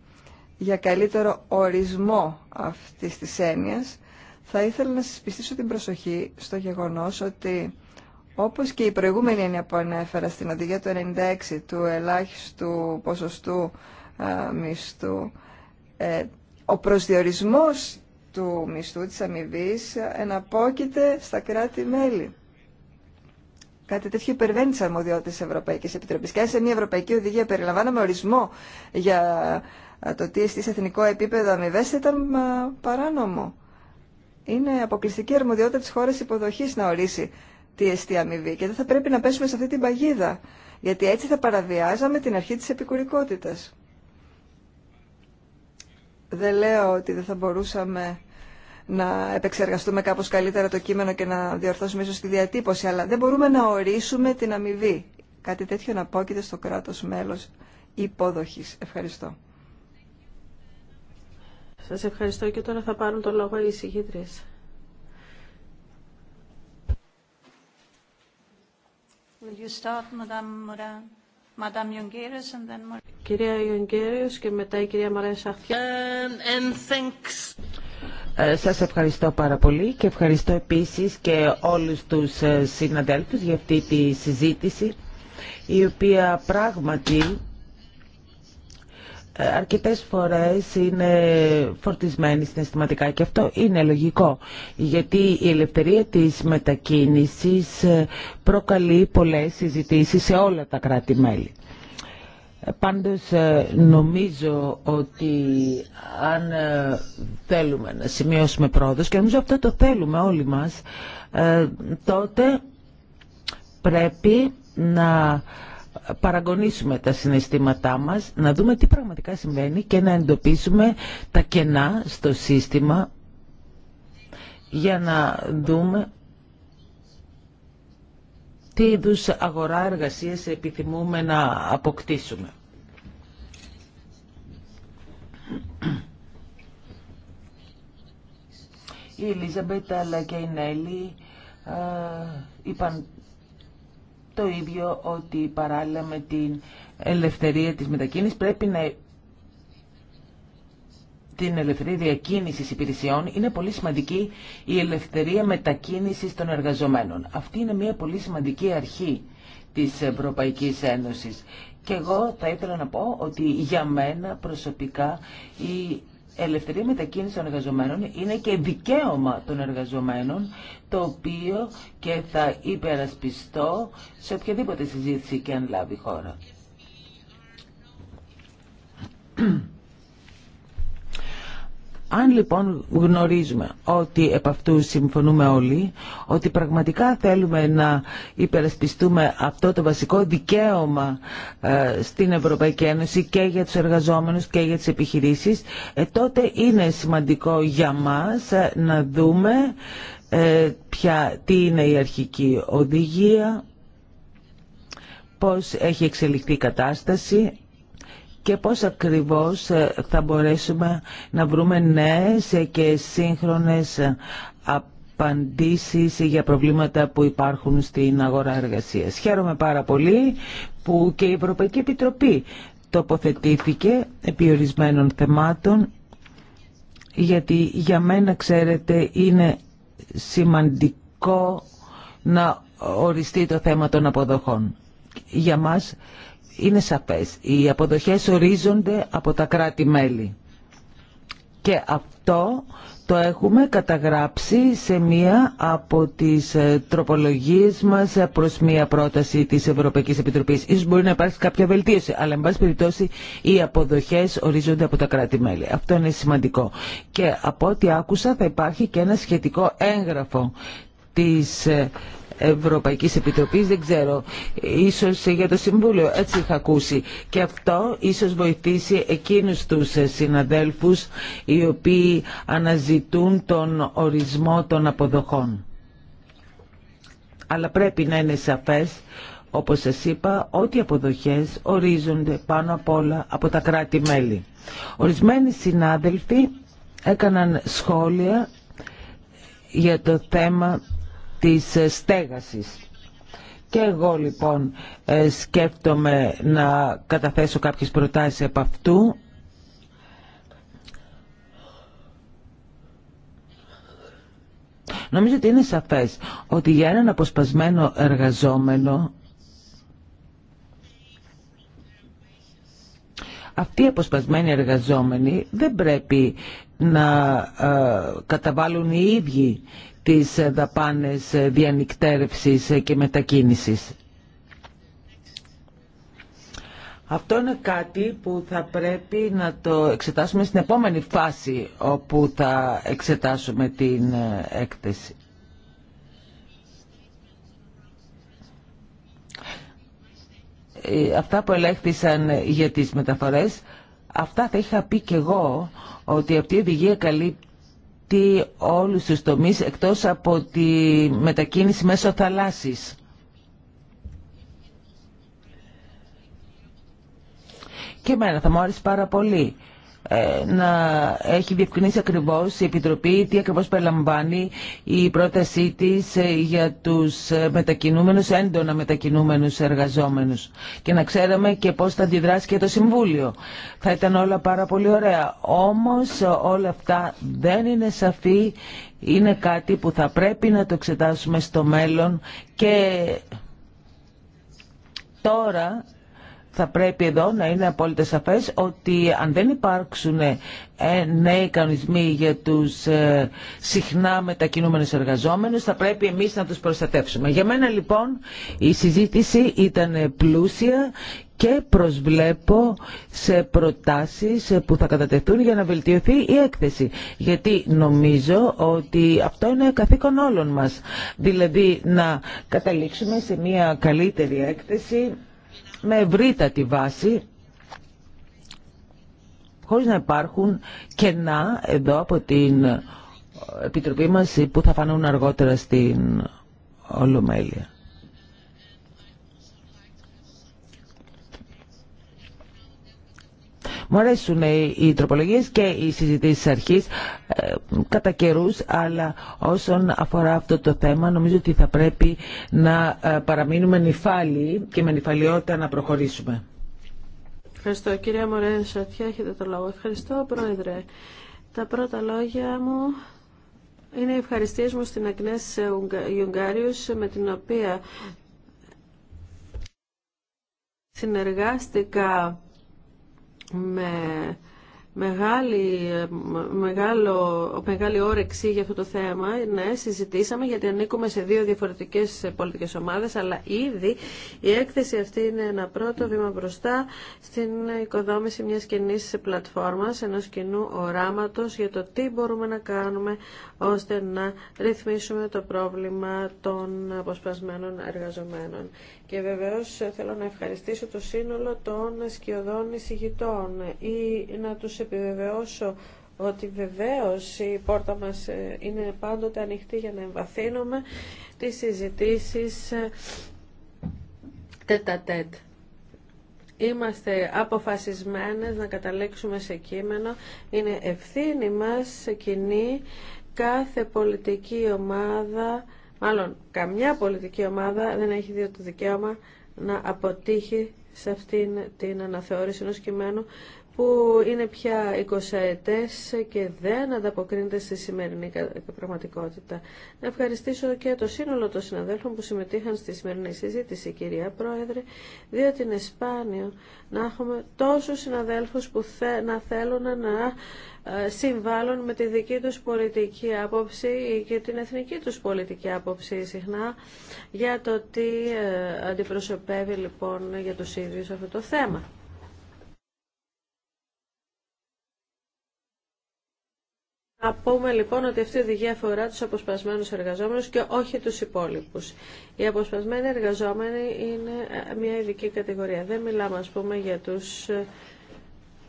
για καλύτερο ορισμό αυτής της έννοιας, θα ήθελα να σας πιστήσω την προσοχή στο γεγονός ότι όπως και η προηγούμενη έννοια που ανέφερα στην οδηγία του 96 του ελάχιστου ποσοστού α, μισθού, ε, ο προσδιορισμός του μισθού της αμοιβή εναπόκειται στα κράτη-μέλη. Κάτι τέτοιο υπερβαίνει τι αρμοδιότητε τη Ευρωπαϊκή Επιτροπή. Και σε μια Ευρωπαϊκή Οδηγία περιλαμβάναμε ορισμό για ε, το τι εστί σε εθνικό επίπεδο αμοιβέ ήταν ε, παράνομο. Είναι αποκλειστική αρμοδιότητα της χώρας υποδοχής να ορίσει τι εστί αμοιβή και δεν θα πρέπει να πέσουμε σε αυτή την παγίδα, γιατί έτσι θα παραβιάζαμε την αρχή της επικουρικότητας. Δεν λέω ότι δεν θα μπορούσαμε να επεξεργαστούμε κάπως καλύτερα το κείμενο και να διορθώσουμε ίσως τη διατύπωση, αλλά δεν μπορούμε να ορίσουμε την αμοιβή. Κάτι τέτοιο να πόκειται στο κράτος μέλος υπόδοχης. Ευχαριστώ. Σας ευχαριστώ και τώρα θα πάρουν το λόγο οι εισηγήτριες. Κυρία Ιονγκέριος και μετά η κυρία Μαρέν Σαχτιά. Um, ε, σας ευχαριστώ πάρα πολύ και ευχαριστώ επίσης και όλους τους ε, συναδέλφους για αυτή τη συζήτηση η οποία πράγματι ε, αρκετές φορές είναι φορτισμένοι συναισθηματικά και αυτό είναι λογικό γιατί η ελευθερία της μετακίνησης ε, προκαλεί πολλές συζητήσεις σε όλα τα κράτη-μέλη. Ε, πάντως νομίζω ότι αν θέλουμε να σημειώσουμε πρόοδος και νομίζω αυτό το θέλουμε όλοι μας τότε πρέπει να παραγωνίσουμε τα συναισθήματά μας, να δούμε τι πραγματικά συμβαίνει και να εντοπίσουμε τα κενά στο σύστημα για να δούμε τι είδους αγορά εργασίας επιθυμούμε να αποκτήσουμε. Η Ελίζαμπετ αλλά και η Νέλη ε, είπαν το ίδιο ότι παράλληλα με την ελευθερία της μετακίνησης πρέπει να την ελευθερία διακίνηση υπηρεσιών είναι πολύ σημαντική η ελευθερία μετακίνησης των εργαζομένων. Αυτή είναι μια πολύ σημαντική αρχή της Ευρωπαϊκής Ένωσης. Και εγώ θα ήθελα να πω ότι για μένα προσωπικά η ελευθερία μετακίνηση των εργαζομένων είναι και δικαίωμα των εργαζομένων, το οποίο και θα υπερασπιστώ σε οποιαδήποτε συζήτηση και αν λάβει η χώρα. Αν λοιπόν γνωρίζουμε ότι επ' αυτού συμφωνούμε όλοι, ότι πραγματικά θέλουμε να υπερασπιστούμε αυτό το βασικό δικαίωμα ε, στην Ευρωπαϊκή Ένωση και για τους εργαζόμενους και για τις επιχειρήσεις, ε, τότε είναι σημαντικό για μας ε, να δούμε ποια, τι είναι η αρχική οδηγία, πώς έχει εξελιχθεί η κατάσταση και πώς ακριβώς ε, θα μπορέσουμε να βρούμε νέες και σύγχρονες απαντήσεις για προβλήματα που υπάρχουν στην αγορά εργασίας. Χαίρομαι πάρα πολύ που και η Ευρωπαϊκή Επιτροπή τοποθετήθηκε επί ορισμένων θεμάτων γιατί για μένα ξέρετε είναι σημαντικό να οριστεί το θέμα των αποδοχών. Για μας είναι σαφές. Οι αποδοχές ορίζονται από τα κράτη-μέλη. Και αυτό το έχουμε καταγράψει σε μία από τις ε, τροπολογίες μας προς μία πρόταση της Ευρωπαϊκής Επιτροπής. Ίσως μπορεί να υπάρξει κάποια βελτίωση, αλλά εν πάση περιπτώσει οι αποδοχές ορίζονται από τα κράτη-μέλη. Αυτό είναι σημαντικό. Και από ό,τι άκουσα θα υπάρχει και ένα σχετικό έγγραφο της ε, Ευρωπαϊκής Επιτροπής, δεν ξέρω, ίσως για το Συμβούλιο, έτσι είχα ακούσει. Και αυτό ίσως βοηθήσει εκείνους τους συναδέλφους οι οποίοι αναζητούν τον ορισμό των αποδοχών. Αλλά πρέπει να είναι σαφές όπως σας είπα, ότι οι αποδοχές ορίζονται πάνω απ' όλα από τα κράτη-μέλη. Ορισμένοι συνάδελφοι έκαναν σχόλια για το θέμα της ε, στέγασης. Και εγώ λοιπόν ε, σκέφτομαι να καταθέσω κάποιες προτάσεις από αυτού. Νομίζω ότι είναι σαφές ότι για έναν αποσπασμένο εργαζόμενο αυτοί οι αποσπασμένοι εργαζόμενοι δεν πρέπει να ε, καταβάλουν οι ίδιοι τις δαπάνες διανυκτέρευσης και μετακίνησης. Αυτό είναι κάτι που θα πρέπει να το εξετάσουμε στην επόμενη φάση όπου θα εξετάσουμε την έκθεση. Ε, αυτά που ελέγχθησαν για τις μεταφορές, αυτά θα είχα πει και εγώ ότι αυτή η οδηγία καλύπτει τι όλους τους τομείς εκτός από τη μετακίνηση μέσω θαλάσσης. Και εμένα θα μου άρεσε πάρα πολύ ε, να έχει διευκρινίσει ακριβώς η Επιτροπή τι ακριβώς περιλαμβάνει η πρότασή της ε, για τους ε, μετακινούμενους, έντονα μετακινούμενους εργαζόμενους και να ξέραμε και πώς θα αντιδράσει και το Συμβούλιο. Θα ήταν όλα πάρα πολύ ωραία. Όμως όλα αυτά δεν είναι σαφή, είναι κάτι που θα πρέπει να το εξετάσουμε στο μέλλον και τώρα θα πρέπει εδώ να είναι απόλυτα σαφές ότι αν δεν υπάρξουν ε, νέοι κανονισμοί για τους ε, συχνά μετακινούμενους εργαζόμενους θα πρέπει εμείς να τους προστατεύσουμε. Για μένα λοιπόν η συζήτηση ήταν πλούσια και προσβλέπω σε προτάσεις που θα κατατεθούν για να βελτιωθεί η έκθεση. Γιατί νομίζω ότι αυτό είναι καθήκον όλων μας. Δηλαδή να καταλήξουμε σε μια καλύτερη έκθεση με ευρύτατη βάση χωρίς να υπάρχουν κενά εδώ από την Επιτροπή μας που θα φανούν αργότερα στην Ολομέλεια. Μου αρέσουν οι τροπολογίε και οι συζητήσεις αρχής ε, κατά καιρού, αλλά όσον αφορά αυτό το θέμα νομίζω ότι θα πρέπει να ε, παραμείνουμε νυφάλιοι και με νυφαλιότητα να προχωρήσουμε. Ευχαριστώ. Κυρία Μωρέν σωτιά έχετε το λόγο. Ευχαριστώ, Πρόεδρε. Τα πρώτα λόγια μου είναι οι ευχαριστίες μου στην Αγνές Ιουγκάριους, με την οποία συνεργάστηκα με μεγάλη, μεγάλο, μεγάλη όρεξη για αυτό το θέμα. Ναι, συζητήσαμε γιατί ανήκουμε σε δύο διαφορετικές πολιτικές ομάδες, αλλά ήδη η έκθεση αυτή είναι ένα πρώτο βήμα μπροστά στην οικοδόμηση μιας κοινή πλατφόρμας, ενός κοινού οράματος για το τι μπορούμε να κάνουμε ώστε να ρυθμίσουμε το πρόβλημα των αποσπασμένων εργαζομένων. Και βεβαίως θέλω να ευχαριστήσω το σύνολο των σκιωδών εισηγητών ή να τους επιβεβαιώσω ότι βεβαίως η πόρτα μας ε, είναι πάντοτε ανοιχτή για να εμβαθύνουμε τις συζητήσεις ε, τέτα τέτ. Είμαστε αποφασισμένες να καταλήξουμε σε κείμενο. Είναι ευθύνη μας κοινή κάθε πολιτική ομάδα, μάλλον καμιά πολιτική ομάδα δεν έχει δει το δικαίωμα να αποτύχει σε αυτήν την αναθεώρηση ενός κειμένου που είναι πια 20 ετές και δεν ανταποκρίνεται στη σημερινή πραγματικότητα. Να ευχαριστήσω και το σύνολο των συναδέλφων που συμμετείχαν στη σημερινή συζήτηση, κυρία Πρόεδρε, διότι είναι σπάνιο να έχουμε τόσους συναδέλφους που να θέλουν να ε, συμβάλλουν με τη δική τους πολιτική άποψη και την εθνική τους πολιτική άποψη συχνά για το τι ε, αντιπροσωπεύει λοιπόν για τους ίδιους αυτό το θέμα. Να πούμε λοιπόν ότι αυτή η οδηγία αφορά τους αποσπασμένους εργαζόμενους και όχι τους υπόλοιπους. Οι αποσπασμένοι εργαζόμενοι είναι ε, μια ειδική κατηγορία. Δεν μιλάμε ας πούμε για τους ε,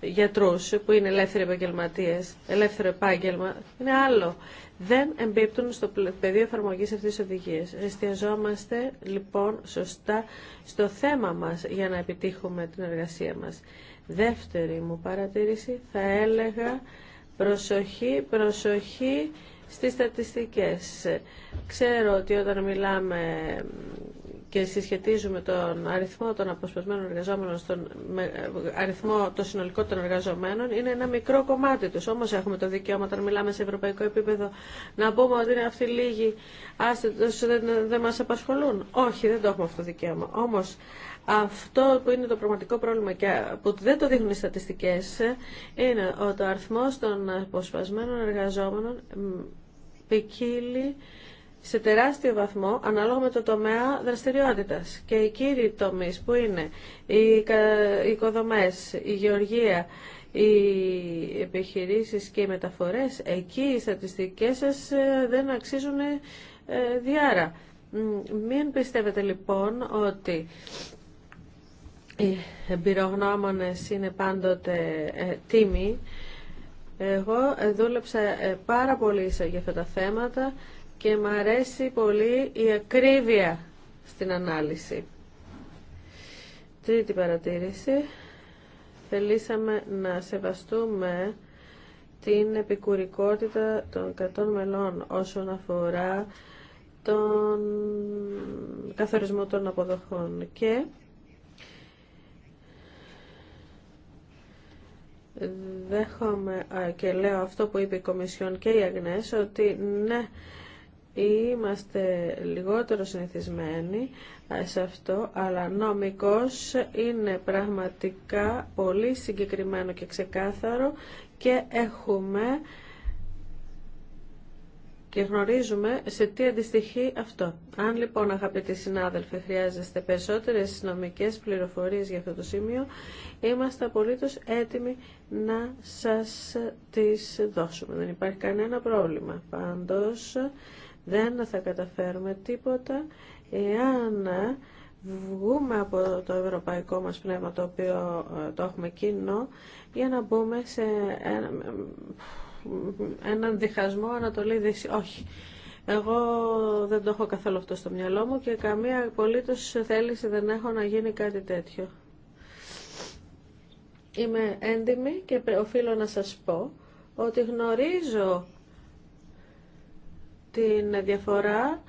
γιατρούς που είναι ελεύθεροι επαγγελματίε, ελεύθερο επάγγελμα. Είναι άλλο. Δεν εμπίπτουν στο πεδίο εφαρμογή αυτής της οδηγία. Εστιαζόμαστε λοιπόν σωστά στο θέμα μα για να επιτύχουμε την εργασία μα. Δεύτερη μου παρατήρηση θα έλεγα Προσοχή, προσοχή στις στατιστικές. Ξέρω ότι όταν μιλάμε και συσχετίζουμε τον αριθμό των αποσπασμένων εργαζόμενων στον αριθμό των συνολικών των εργαζομένων είναι ένα μικρό κομμάτι τους. Όμως έχουμε το δικαίωμα όταν μιλάμε σε ευρωπαϊκό επίπεδο να πούμε ότι είναι αυτοί λίγοι άστε, δεν, δεν μας απασχολούν. Όχι, δεν το έχουμε αυτό το δικαίωμα. Όμως αυτό που είναι το πραγματικό πρόβλημα και που δεν το δείχνουν οι στατιστικές ε, είναι ότι ο αριθμός των αποσπασμένων εργαζόμενων ποικίλει σε τεράστιο βαθμό ανάλογα με το τομέα δραστηριότητας. Και οι κύριοι τομείς που είναι οι οικοδομές, η γεωργία, οι επιχειρήσεις και οι μεταφορές, εκεί οι στατιστικές σας ε, δεν αξίζουν ε, διάρα. Μην πιστεύετε λοιπόν ότι οι εμπειρογνώμονες είναι πάντοτε ε, τίμοι. Εγώ ε, δούλεψα ε, πάρα πολύ για αυτά τα θέματα και μου αρέσει πολύ η ακρίβεια στην ανάλυση. Τρίτη παρατήρηση. Θελήσαμε να σεβαστούμε την επικουρικότητα των κατών μελών όσον αφορά τον καθορισμό των αποδοχών και δέχομαι και λέω αυτό που είπε η Κομισιόν και η Αγνές ότι ναι είμαστε λιγότερο συνηθισμένοι σε αυτό αλλά νομικός είναι πραγματικά πολύ συγκεκριμένο και ξεκάθαρο και έχουμε και γνωρίζουμε σε τι αντιστοιχεί αυτό. Αν λοιπόν αγαπητοί συνάδελφοι χρειάζεστε περισσότερες νομικές πληροφορίες για αυτό το σημείο, είμαστε απολύτως έτοιμοι να σας τις δώσουμε. Δεν υπάρχει κανένα πρόβλημα. Πάντως δεν θα καταφέρουμε τίποτα εάν βγούμε από το ευρωπαϊκό μας πνεύμα το οποίο ε, το έχουμε κοινό για να μπούμε σε ένα έναν διχασμό Ανατολή-Δύση. Όχι. Εγώ δεν το έχω καθόλου αυτό στο μυαλό μου και καμία απολύτω θέληση δεν έχω να γίνει κάτι τέτοιο. Είμαι έντιμη και οφείλω να σας πω ότι γνωρίζω την διαφορά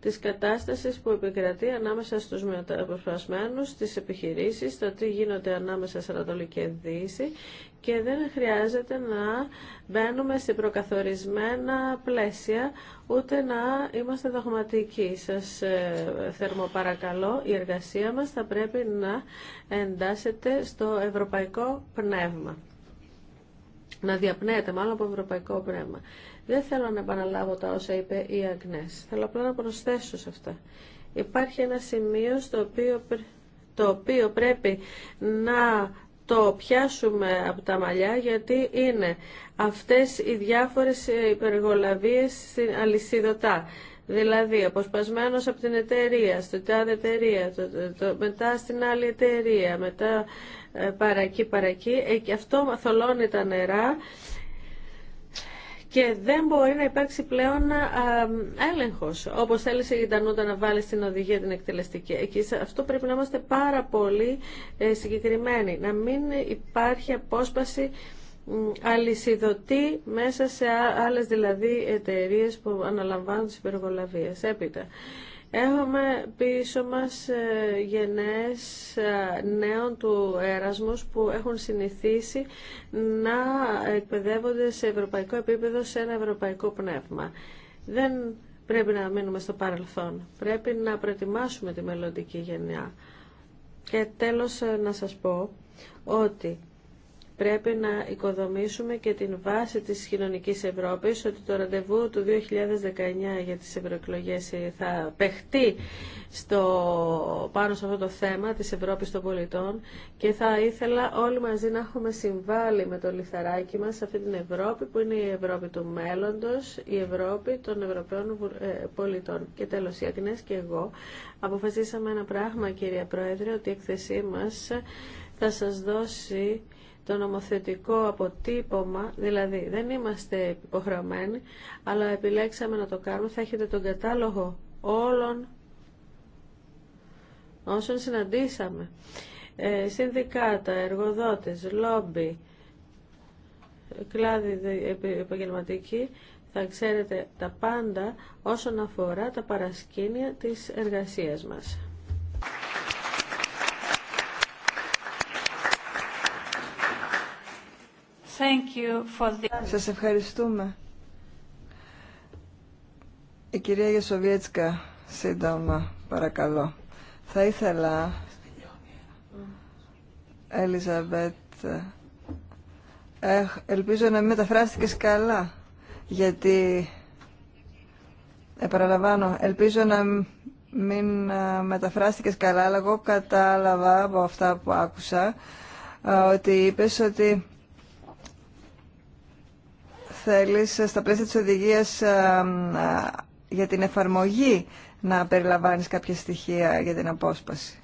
της κατάστασης που επικρατεί ανάμεσα στους μεταπροσπασμένους, στις επιχειρήσεις, το τι γίνεται ανάμεσα σε Ανατολή και και δεν χρειάζεται να μπαίνουμε σε προκαθορισμένα πλαίσια ούτε να είμαστε δογματικοί. Σας ε, θερμοπαρακαλώ, η εργασία μας θα πρέπει να εντάσσεται στο ευρωπαϊκό πνεύμα. Να διαπνέεται μάλλον από ευρωπαϊκό πνεύμα. Δεν θέλω να επαναλάβω τα όσα είπε η Αγνές. Θέλω απλά να προσθέσω σε αυτά. Υπάρχει ένα σημείο στο οποίο, το οποίο πρέπει να το πιάσουμε από τα μαλλιά γιατί είναι αυτές οι διάφορες ε, υπεργολαβίες στην αλυσίδωτά. Δηλαδή, αποσπασμένος από την εταιρεία, στην τάδε εταιρεία, μετά στην άλλη εταιρεία, μετά ε, παρακεί, παρακεί. Ε, και αυτό θολώνει τα νερά και δεν μπορεί να υπάρξει πλέον έλεγχος, όπως θέλει η Ντανούτα να βάλει στην οδηγία την εκτελεστική. Εκεί σε αυτό πρέπει να είμαστε πάρα πολύ ε, συγκεκριμένοι, να μην υπάρχει απόσπαση αλυσιδωτή μέσα σε άλλες δηλαδή εταιρείες που αναλαμβάνουν τις υπεργολαβίες. Έπειτα, Έχουμε πίσω μας ε, γενναίες ε, νέων του Έρασμος που έχουν συνηθίσει να εκπαιδεύονται σε ευρωπαϊκό επίπεδο σε ένα ευρωπαϊκό πνεύμα. Δεν πρέπει να μείνουμε στο παρελθόν. Πρέπει να προετοιμάσουμε τη μελλοντική γενιά. Και τέλος ε, να σας πω ότι πρέπει να οικοδομήσουμε και την βάση της κοινωνικής Ευρώπης ότι το ραντεβού του 2019 για τις ευρωεκλογέ θα παιχτεί στο, πάνω σε αυτό το θέμα της Ευρώπης των πολιτών και θα ήθελα όλοι μαζί να έχουμε συμβάλει με το λιθαράκι μας σε αυτή την Ευρώπη που είναι η Ευρώπη του μέλλοντος, η Ευρώπη των Ευρωπαίων ε, πολιτών. Και τέλος οι και εγώ αποφασίσαμε ένα πράγμα κυρία Πρόεδρε ότι η εκθεσή μας θα σας δώσει το νομοθετικό αποτύπωμα, δηλαδή δεν είμαστε υποχρεωμένοι, αλλά επιλέξαμε να το κάνουμε, θα έχετε τον κατάλογο όλων όσων συναντήσαμε. Ε, συνδικάτα, εργοδότες, λόμπι, κλάδι επαγγελματική, θα ξέρετε τα πάντα όσον αφορά τα παρασκήνια της εργασίας μας. Σας ευχαριστούμε. Η κυρία Γεσοβιέτσκα, σύντομα, παρακαλώ. Θα ήθελα, Ελίζαμπετ, ε, ελπίζω να μην μεταφράστηκες καλά, γιατί, επαναλαμβάνω, ελπίζω να μην ε, μεταφράστηκες καλά, αλλά εγώ κατάλαβα από αυτά που άκουσα, ε, ότι είπες ότι θέλεις ε, στα πλαίσια της οδηγίας ε, ε, για την εφαρμογή να περιλαμβάνεις κάποια στοιχεία για την απόσπαση.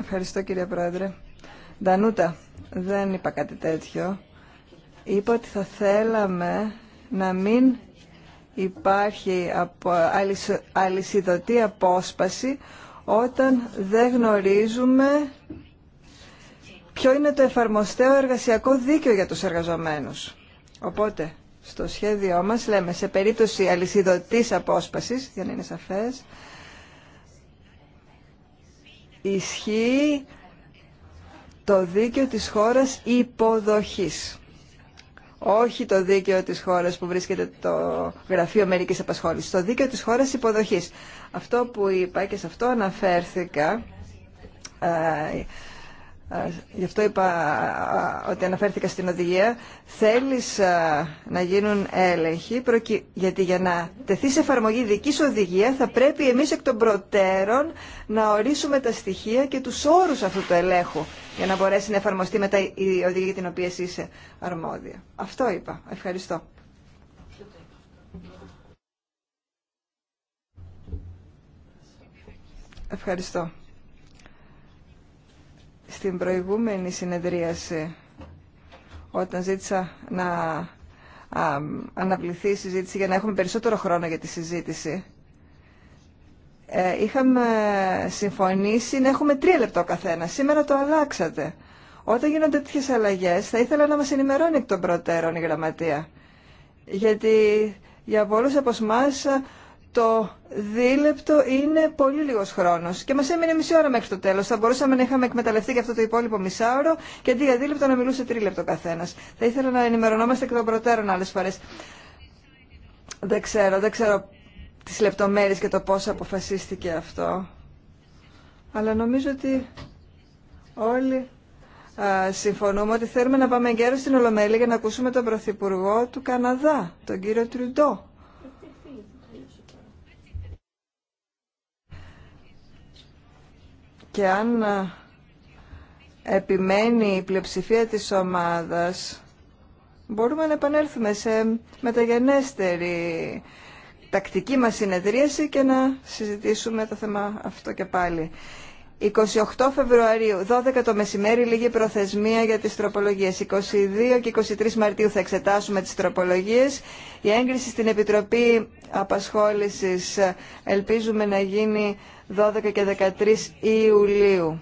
Ευχαριστώ κύριε Πρόεδρε. Ντανούτα, δεν είπα κάτι τέτοιο. Είπα ότι θα θέλαμε να μην υπάρχει από αλυσιδωτή απόσπαση όταν δεν γνωρίζουμε ποιο είναι το εφαρμοστέο εργασιακό δίκαιο για τους εργαζομένους. Οπότε, στο σχέδιό μας λέμε σε περίπτωση αλυσιδωτής απόσπασης, για να είναι σαφές, ισχύει το δίκαιο της χώρας υποδοχής όχι το δίκαιο της χώρας που βρίσκεται το Γραφείο Μερικής Απασχόλησης, το δίκαιο της χώρας υποδοχής. Αυτό που είπα και σε αυτό αναφέρθηκα ε, γι' αυτό είπα ότι αναφέρθηκα στην οδηγία, θέλεις να γίνουν έλεγχοι, γιατί για να τεθεί σε εφαρμογή δική οδηγία θα πρέπει εμείς εκ των προτέρων να ορίσουμε τα στοιχεία και τους όρους αυτού του ελέγχου για να μπορέσει να εφαρμοστεί μετά η οδηγία για την οποία εσύ είσαι αρμόδια. Αυτό είπα. Ευχαριστώ. Ευχαριστώ στην προηγούμενη συνεδρίαση όταν ζήτησα να αναβληθεί η συζήτηση για να έχουμε περισσότερο χρόνο για τη συζήτηση ε, είχαμε συμφωνήσει να έχουμε τρία λεπτά καθένα. Σήμερα το αλλάξατε. Όταν γίνονται τέτοιε αλλαγέ, θα ήθελα να μα ενημερώνει εκ των προτέρων η γραμματεία. Γιατί για πολλού από εμά το δίλεπτο είναι πολύ λίγο χρόνο. Και μα έμεινε μισή ώρα μέχρι το τέλο. Θα μπορούσαμε να είχαμε εκμεταλλευτεί και αυτό το υπόλοιπο μισάωρο και αντί για δίλεπτο να μιλούσε τρίλεπτο καθένα. Θα ήθελα να ενημερωνόμαστε και των προτέρων άλλε φορέ. Δεν ξέρω, δεν ξέρω τι λεπτομέρειε και το πώ αποφασίστηκε αυτό. Αλλά νομίζω ότι όλοι συμφωνούμε ότι θέλουμε να πάμε γέρο στην Ολομέλη για να ακούσουμε τον Πρωθυπουργό του Καναδά, τον κύριο Τρουντό. και αν ε, επιμένει η πλειοψηφία της ομάδας, μπορούμε να επανέλθουμε σε μεταγενέστερη τακτική μας συνεδρίαση και να συζητήσουμε το θέμα αυτό και πάλι. 28 Φεβρουαρίου, 12 το μεσημέρι, λίγη προθεσμία για τις τροπολογίες. 22 και 23 Μαρτίου θα εξετάσουμε τις τροπολογίες. Η έγκριση στην Επιτροπή Απασχόλησης ελπίζουμε να γίνει 12 και 13 Ιουλίου.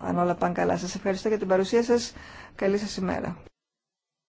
Αν όλα πάνε καλά. Σας ευχαριστώ για την παρουσία σας. Καλή σας ημέρα.